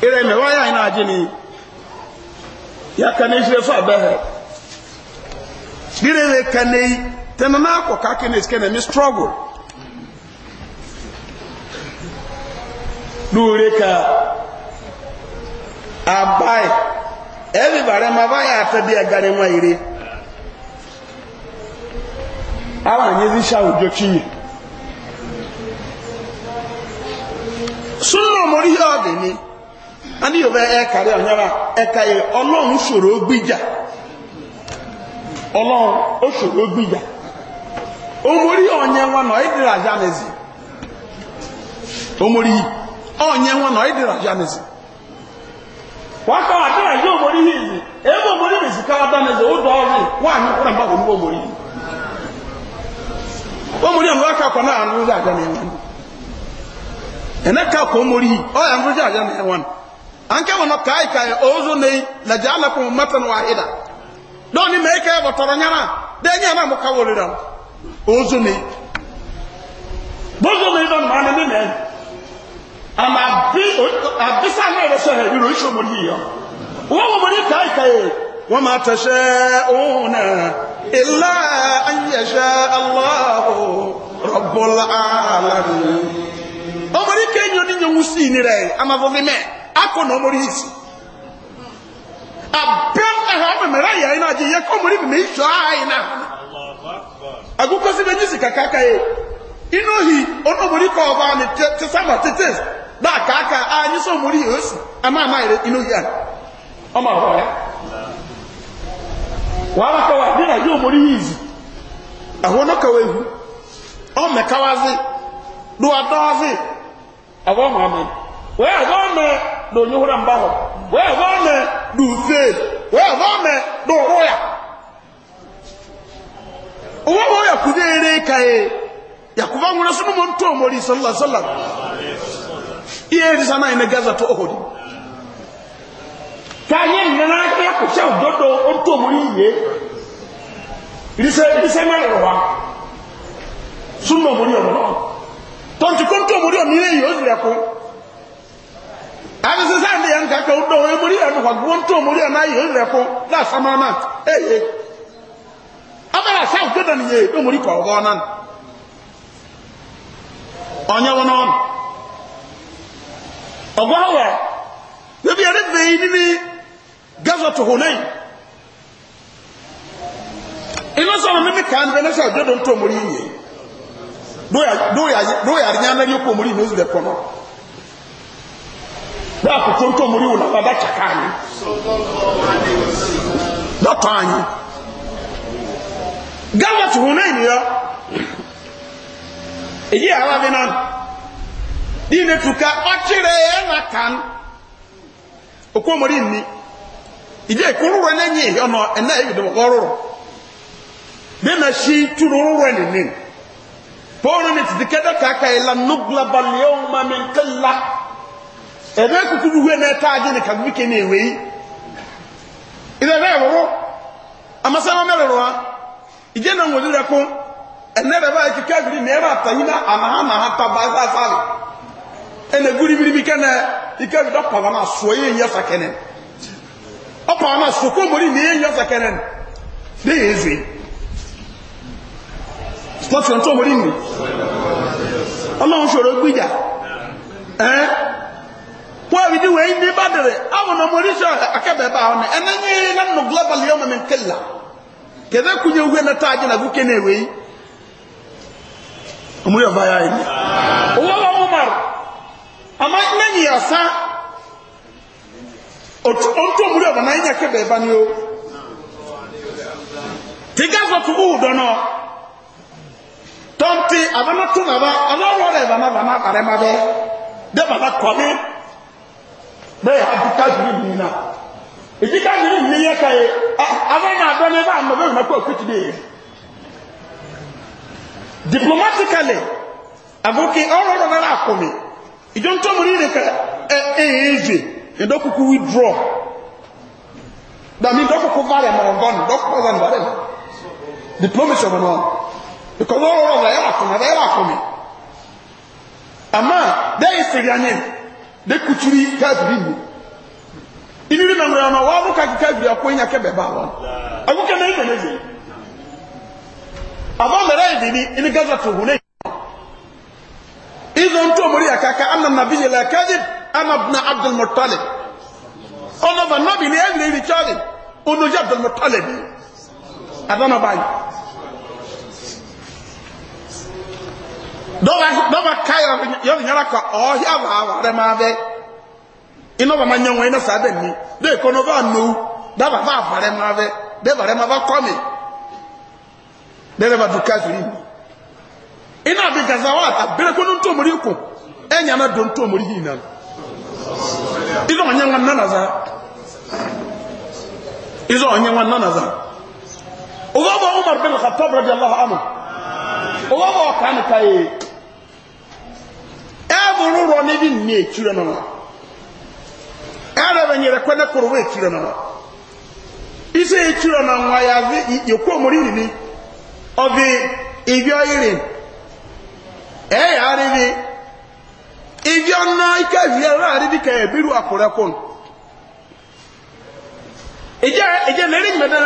Eremi waya anyị na-ajị ya akana ezi efu abehe ndị na-erekani tena na-akụkụ akị na esike na na ndị strọgul na ole ka abayi ezi b'ala ma bayi atabie gaa n'enweghịrị abanyezi shawu jọchinyere so ndị ọ ma ọ mali ihe ni. ani yóò bẹ ẹ e kàrí ọ̀nyára ẹ̀ka e yẹ ọlọ́run ṣòro gbìjà ọlọ́run ó ṣòro gbìjà omori ọ̀nyẹ wọn nọ ẹ̀dìrà yánẹsì omori ọ̀nyẹ wọn nọ ẹ̀dìrà yánẹsì wọ́n kọ́ àdéhà yóò omori yìí yìí omori ó dọ̀ omori yìí omori ọ̀nà náà wọn kọ́ omori yìí ọ̀ wọn. anke wono kai kai ozo nei la jala ko matan wahida doni me kai ba toro nyana de nyana mo kawori ran ozo nei bozo nei don mane ne ne ama bi abisa na re so he ro isho mo liyo wo wo ni kai kai wa ma tashauna illa an yasha Allah rabbul alamin o mo ni kenyo ni nyusi ni re ama vo me akɔ na ɔmɔri yi si ɛhɛ ɔmɛ mɛrɛ yɛ ɛyina agye yɛ kɔ mɛ itwa ayi na agukɔ si bɛ nyi si kakaka yɛ inohi ɔno ɔmɔri kɔ ɔba ni tete na akaaka a ɔmɔri yɛ osi ama ama yɛrɛ inohi a ɔmɔ ahɔ yɛ wàhálà wa na yóò mori yìí do nyohora mbaho wewe vame do fail wewe vame do roya uwo wo yakubere kae yakuvangura sunu muntu omuli sallallahu alaihi wasallam iye bisana imegaza to ohodi kanye nana yakucha udodo ontu omuli ye rise rise mwa sunu omuli ono tonti kontu omuli omire yo zira ko abisi sáà ya nkaka ụdọ onye emori yà nù wàgbọ ntọ omori na ihe ìrẹpọ n'asọmọ náà eye abala sáà gbọdọ ka omori kọ ọgọ náà ọnyẹ wọn náà ọgọ awọ bẹbi ẹni bẹyì nínú gaza tòhó náà iná sọ̀rọ̀ mímí kàn bẹ ní sáà gbọdọ ntọ omori yìí dáàkù tó muri tó múrí wùlá bàbá kàkà ní lọ́tọ̀ anyi gáwà tó hún náà nìyọ èyí àwọn abẹ náà dínà tùkà ọkìrẹ ẹ̀ nà kàn òkú ọmọdé nìyí ìdí ẹ̀kọ́ rúrọ náà yìí ọ̀nà ẹ̀nà ẹ̀yìn ìdìbò kọ́ rúrọ bí na ṣí túrú rúrọ nìyí pọ́ọ̀rù ní ti dìkẹ́dọ̀ kàkà ìlànà gbàgbà lẹ́yìn ọmọ ebe kukubu hwe na-ete agị na kagbike na-ewe yi ebe ebe rụrụ amasana merụrụ ha ije na nwere rekụ enere ba ekike ebiri na ebe ataghị na ana ha na ha taba asa ene guri biri bike na ike ebiri ọpaba na sụọ ihe enyi ọsa kene ọpaba na sụọ kwa omori na ihe enyi ọsa kene dị ya ezu stọtụ ntụ omori nri ọlọrun sọrọ gbija ee wọ́n yìí wọ́n yìí bá na àwọn ọmọ oríṣi akẹ́bẹ̀ẹ́ na ọ̀nà ẹ̀nà yìí nà nù global yọ̀mọ̀ mi nkẹ́là kẹ̀dẹ́ kunye wúwẹ́ na taa nà na nà èwé yìí ọmọ yóò bá yà yìí owó wọn mú mara ya ẹ̀nà yà sá ni de bẹ́ẹ̀ ha ti káàkiri nìyí náà èyí káàkiri nìyí yẹ ká yẹ àwọn náà dọ́ni bá àmọ́ bẹ́ẹ̀ mako òkúti bẹ́ẹ̀ yẹ. diplomatically àbúkí ọ̀rọ̀ ọ̀rọ̀ náà kọ̀ mi ìjọ ntọ́mu rí nìkan ẹ ẹ yẹ ẹzẹ ìdọ́kùkù withdraw dàmí ìdọ́kùkù bàrẹ̀ mọ̀ ọ̀gọ́n ìdọ́kùkù ọ̀gọ́n bàrẹ̀ mọ̀ diplomacy ọ̀gọ́n náà because ọ̀rọ̀ ọ̀rọ̀ náà yẹ wà kọ̀ mi àmà bẹ́ẹ̀ yẹ sèrè de kuturi kafiri mu iniri na nwere na wabu ka kafiri akwo nya ke beba awon akwo ke meri menezi aba mera idi ni ini gaza to hune izo nto mori akaka anna nabiyyi la kadib ana ibn abd al ono ba nabi ni ebi Abdul adana dɔba ka yɔrinyara ka ɔhia baaba dɛ maa bɛ ina ma nyɛ wɔn dɛ ni de kɔnɔ ba nou daba ba aba dɛ maa bɛ de ba dɛ maa ba kɔmi de bi gaza wa ko ko do ntomori yi na nyɛ nana za ina nyɛ nana za o ba ba umar ka ye. ɛboro rɔ ne bi nne ekyire no no ɛrɛ bɛ nyere kɔ ne koro wɔ ekyire no no ise ekyire no no ayave yɛkɔ omori nini ɔbi ibi ɔyiri ɛyɛ e aribi ibi ɔna ike vi ɛrɛ aribi ka ebiru akɔrɛ kɔn eh. ɛgye ɛgye lɛri mɛ dɛn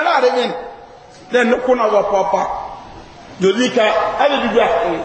ne ka ɛbɛ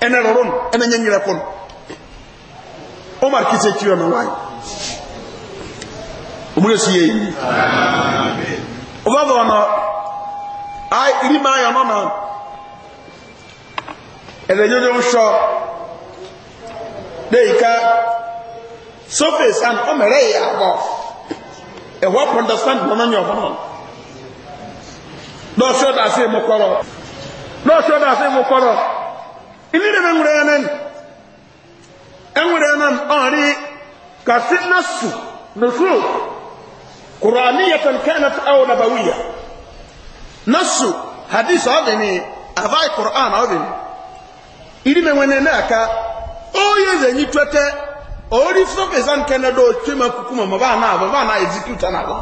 ɛnɛ rɔrɔn ɛnɛ nyɛ nyerɛ pon omar kise kiri ɔna wa yi omuri esi yɛ yi ɔba bɔ ɔna ayi iri maa yɛ ɔna ɛnɛ nyɔnyɔ nsɔ de yi ka surface and ɔmɛrɛ yɛ abɔ ɛwɔ pɔndɛstand wɔn nyɛ ɔfɔ nɔ lɔsɔ daase mu kɔrɔ lọsọ náà fi mu kọrọ ilé na nwere enen enwere enen ọrị kasi nasu nusu kuraniyatan kanat aw nabawiyya nasu hadis ọdịni avai quran ọdịni ilé oh, oh, na nwere enen aka oye zenyi twete ori sọfisa nke na do twema kukuma ma ba na ba na execute na ba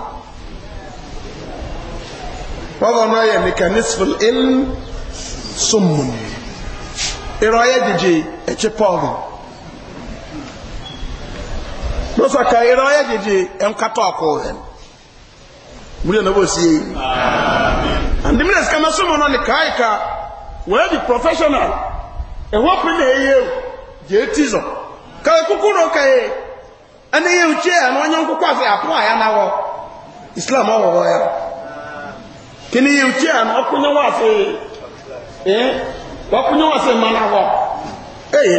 wọ́n bọ̀ náà yẹ mẹkanísífù ilm sọ́mùnì ìrọ̀yẹ́ dìjì ẹ̀chí pọ́ọ̀lù lọ́sọ̀kà ìrọ̀yẹ́ dìjì ẹ̀mkátọ̀ ọkọ̀ rẹ̀ wúlò náà bó sí i and the minister kan sọmọ náà ní káyìíká wẹ́ẹ́ di professional ẹ̀họ́ pín ní na o jẹ́ tìzọ̀ kàwé ka náà kàyé ẹni ya òkye ẹ̀nà ọ̀nyẹ́ nkúkú àfi àpò àyà náà wọ islam ọ̀wọ̀wọ̀ yà kí ni wakunyɛ wɔ sɛ mma no awɔ ee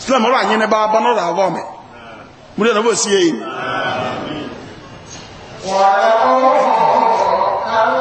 islam ɔrɔ anyene baaba no ɔrɔ awɔ me mure na bɔsie yi وَلَوْ أَنَّ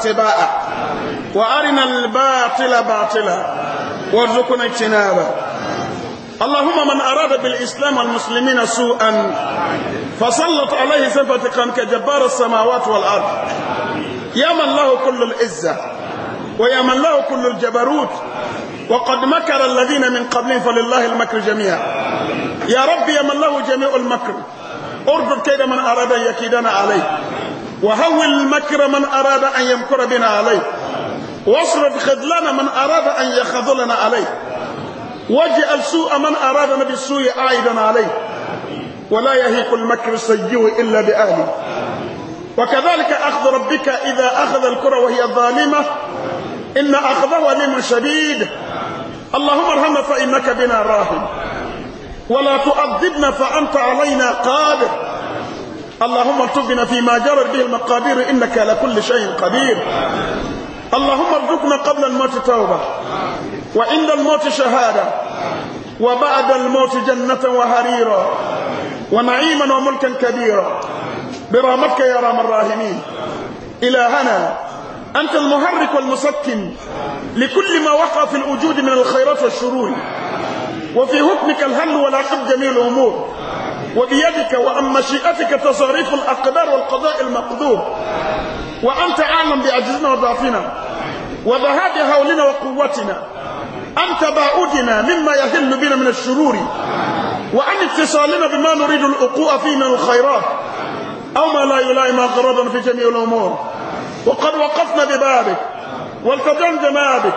اتباعه وارنا الباطل باطلا وارزقنا اجتنابه اللهم من اراد بالاسلام والمسلمين سوءا فسلط عليه سلطه كجبار السماوات والارض يا من له كل العزه ويا من له كل الجبروت وقد مكر الذين من قبلهم فلله المكر جميعا يا رب يا من له جميع المكر اردد كيد من اراد يكيدنا عليه وهول المكر من أراد أن يمكر بنا عليه واصرف خذلنا من أراد أن يخذلنا عليه واجعل سوء من أرادنا بالسوء عائدا عليه ولا يهيق المكر السيئ إلا بأهله وكذلك أخذ ربك إذا أخذ الكرة وهي ظالمة إن أخذه لمن شديد اللهم ارحمنا فإنك بنا راهب ولا تؤذبنا فأنت علينا قادر اللهم ارزقنا فيما جرت به المقادير إنك على كل شيء قدير اللهم ارزقنا قبل الموت توبة وعند الموت شهادة وبعد الموت جنة وهريرا ونعيما وملكا كبيرا برامتك يا رام الراهمين إلهنا أنت المحرك والمسكن لكل ما وقع في الوجود من الخيرات والشرور وفي حكمك الهل والعقب جميع الأمور وبيدك وعن مشيئتك تصاريف الأقدار والقضاء المقدور وأنت أعلم بعجزنا وضعفنا وذهاب هولنا وقوتنا أنت باعدنا مما يهل بنا من الشرور وعن اتصالنا بما نريد فيه فينا الخيرات أو ما لا يلائم أغراضا في جميع الأمور وقد وقفنا ببابك والتجمجم بك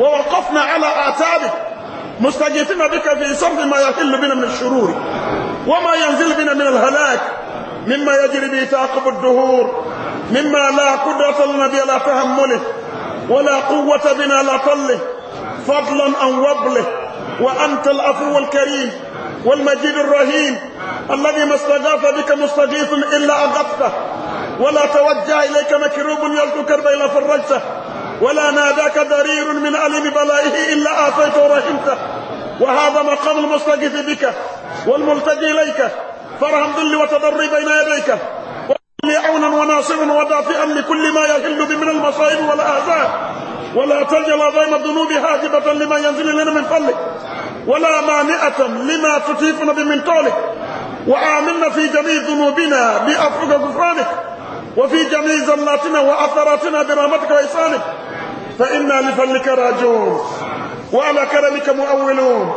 ووقفنا على آتابك مستجيثين بك في صرف ما يحل بنا من الشرور وما ينزل بنا من الهلاك مما يجري به تعقب الدهور مما لا قدرة لنا بلا لا ولا قوة بنا لا طله فضلا أو وبله وأنت العفو الكريم والمجيد الرحيم الذي ما استغاث بك مستجيث إلا أغفته ولا توجه إليك مكروب يلتو كربا إلا فرجته ولا ناداك ضرير من ألم بلائه إلا آفيت ورحمته وهذا مقام المستقف بك والملتقي إليك فارهم ذل وتضري بين يديك لي عونا وناصرا ودافئا لكل ما يهل به من المصائب والآذان ولا تجعل عظيم الذنوب هاجبة لما ينزل لنا من فضلك ولا مانعة لما تتيفنا به من طولك وآمنا في جميع ذنوبنا بأفرق غفرانك وفي جميع زلاتنا وأثراتنا برحمتك وإحسانك فإنا لفلك راجون وعلى كرمك مؤولون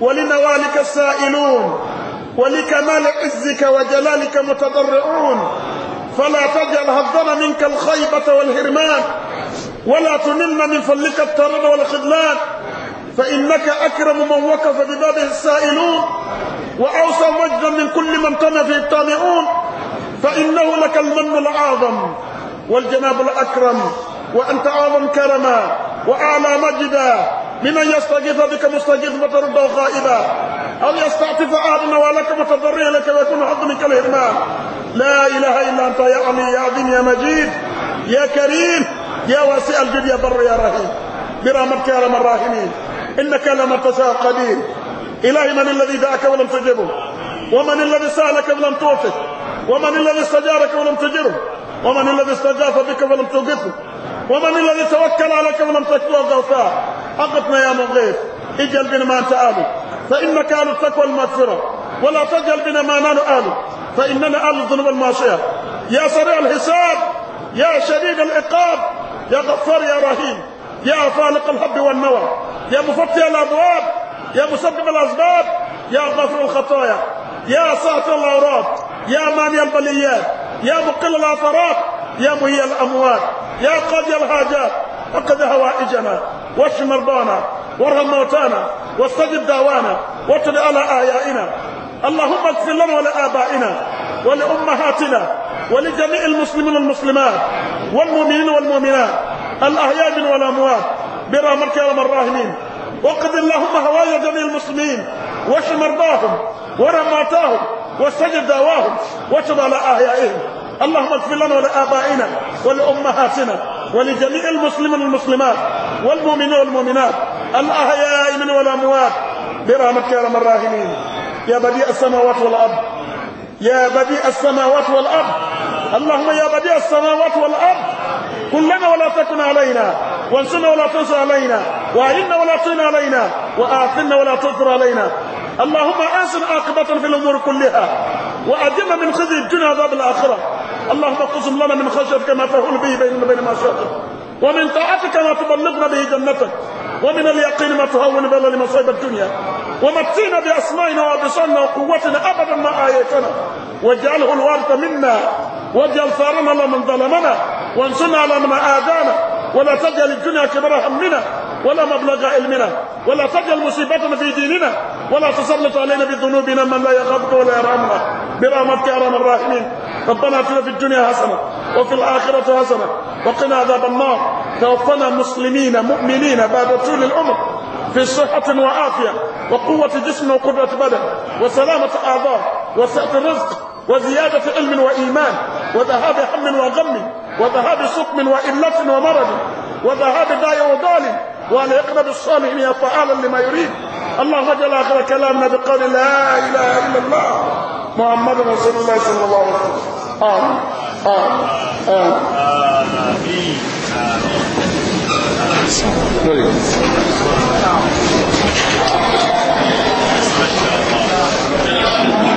ولنوالك السائلون ولكمال عزك وجلالك متضرعون فلا تجعل هفنا منك الخيبة والهرمان ولا تنلنا من فلك الترد والخذلان فإنك أكرم من وقف ببابه السائلون وأوسع مجدا من كل من تنى فيه الطامعون فإنه لك المن الأعظم والجناب الأكرم وأنت أعظم كرما وأعلى مجدا من أن يستغيث بك مستغيث فترده خائبا أو يستعطف أهلنا نوالك فتضرع لك ويكون حظ منك الهرمان لا إله إلا أنت يا عمي يا عظيم يا مجيد يا كريم يا واسع الجد يا بر يا رحيم برحمتك يا رب الراحمين إنك لما تشاء قدير إلهي من الذي دعك ولم تجبه ومن الذي سألك ولم تعطه ومن الذي استجارك ولم تجره ومن الذي استجاف بك ولم توقفه ومن الذي توكل عليك ولم له الغوثاء أقتنا يا مغيث اجل بنا ما أنت آل فإنك آل التقوى المغفرة ولا تجل بنا ما نال آله فإننا آل الذنوب المعصية يا سريع الحساب يا شديد العقاب يا غفار يا رحيم يا فالق الحب والنوى يا مفتح الأبواب يا مسبب الأسباب يا غفر الخطايا يا ساتر الأوراق يا مانع البليات يا مقل العثرات يا مهي الأموات يا قاضي الحاجات وقد هوائجنا واشف مرضانا وارحم موتانا واستجب دعوانا واتل على آيائنا اللهم اغفر لنا ولآبائنا ولأمهاتنا ولجميع المسلمين والمسلمات والمؤمنين والمؤمنات الأحياء والأموات برحمتك يا رب الراحمين وقد اللهم هوايا جميع المسلمين واشف مرضاهم موتاهم واستجب دعواهم واشف على اعيائهم اللهم اغفر لنا ولآبائنا ولأمهاتنا ولجميع المسلمين والمسلمات والمؤمنين والمؤمنات الأحياء من والأموات برحمتك يا رب الراحمين يا بديع السماوات والأرض يا بديع السماوات والأرض اللهم يا بديع السماوات والأرض لنا ولا تكن علينا وانصرنا ولا تنصر علينا وعلمنا ولا تعن علينا وآثنا ولا تغفر علينا اللهم أحسن عاقبتنا في الأمور كلها وأجرنا من خزي الدنيا عذاب الآخرة اللهم اقسم لنا من خشيتك ما تهول به بيننا وبين معصيتك ومن طاعتك ما تبلغنا به جنتك ومن اليقين ما تهون بنا لمصائب الدنيا ومتينا بأسمائنا وأبصارنا وقوتنا أبدا ما آيتنا واجعله الوارث منا واجعل ثارنا لمن ظلمنا وانصرنا على من آذانا ولا تجعل الدنيا كبر همنا ولا مبلغ علمنا ولا تجعل مصيبتنا في ديننا ولا تسلط علينا بذنوبنا من لا يخافك ولا يرحمنا برحمتك يا ارحم الراحمين ربنا اتنا في الدنيا حسنه وفي الاخره حسنه وقنا عذاب النار توفنا مسلمين مؤمنين بعد طول العمر في صحة وعافية وقوة جسم وقدرة بدن وسلامة أعضاء وسعة رزق وزيادة علم وإيمان وذهاب هم وغم وذهاب سقم وإلة ومرض وذهاب داعي وضال وأن يقرب الصالحين فعالا لما يريد اللهم جل آخر كلامنا بقول لا إله إلا الله محمد رسول الله صلى الله عليه وسلم آمين آمين آمين آمين آمين آمين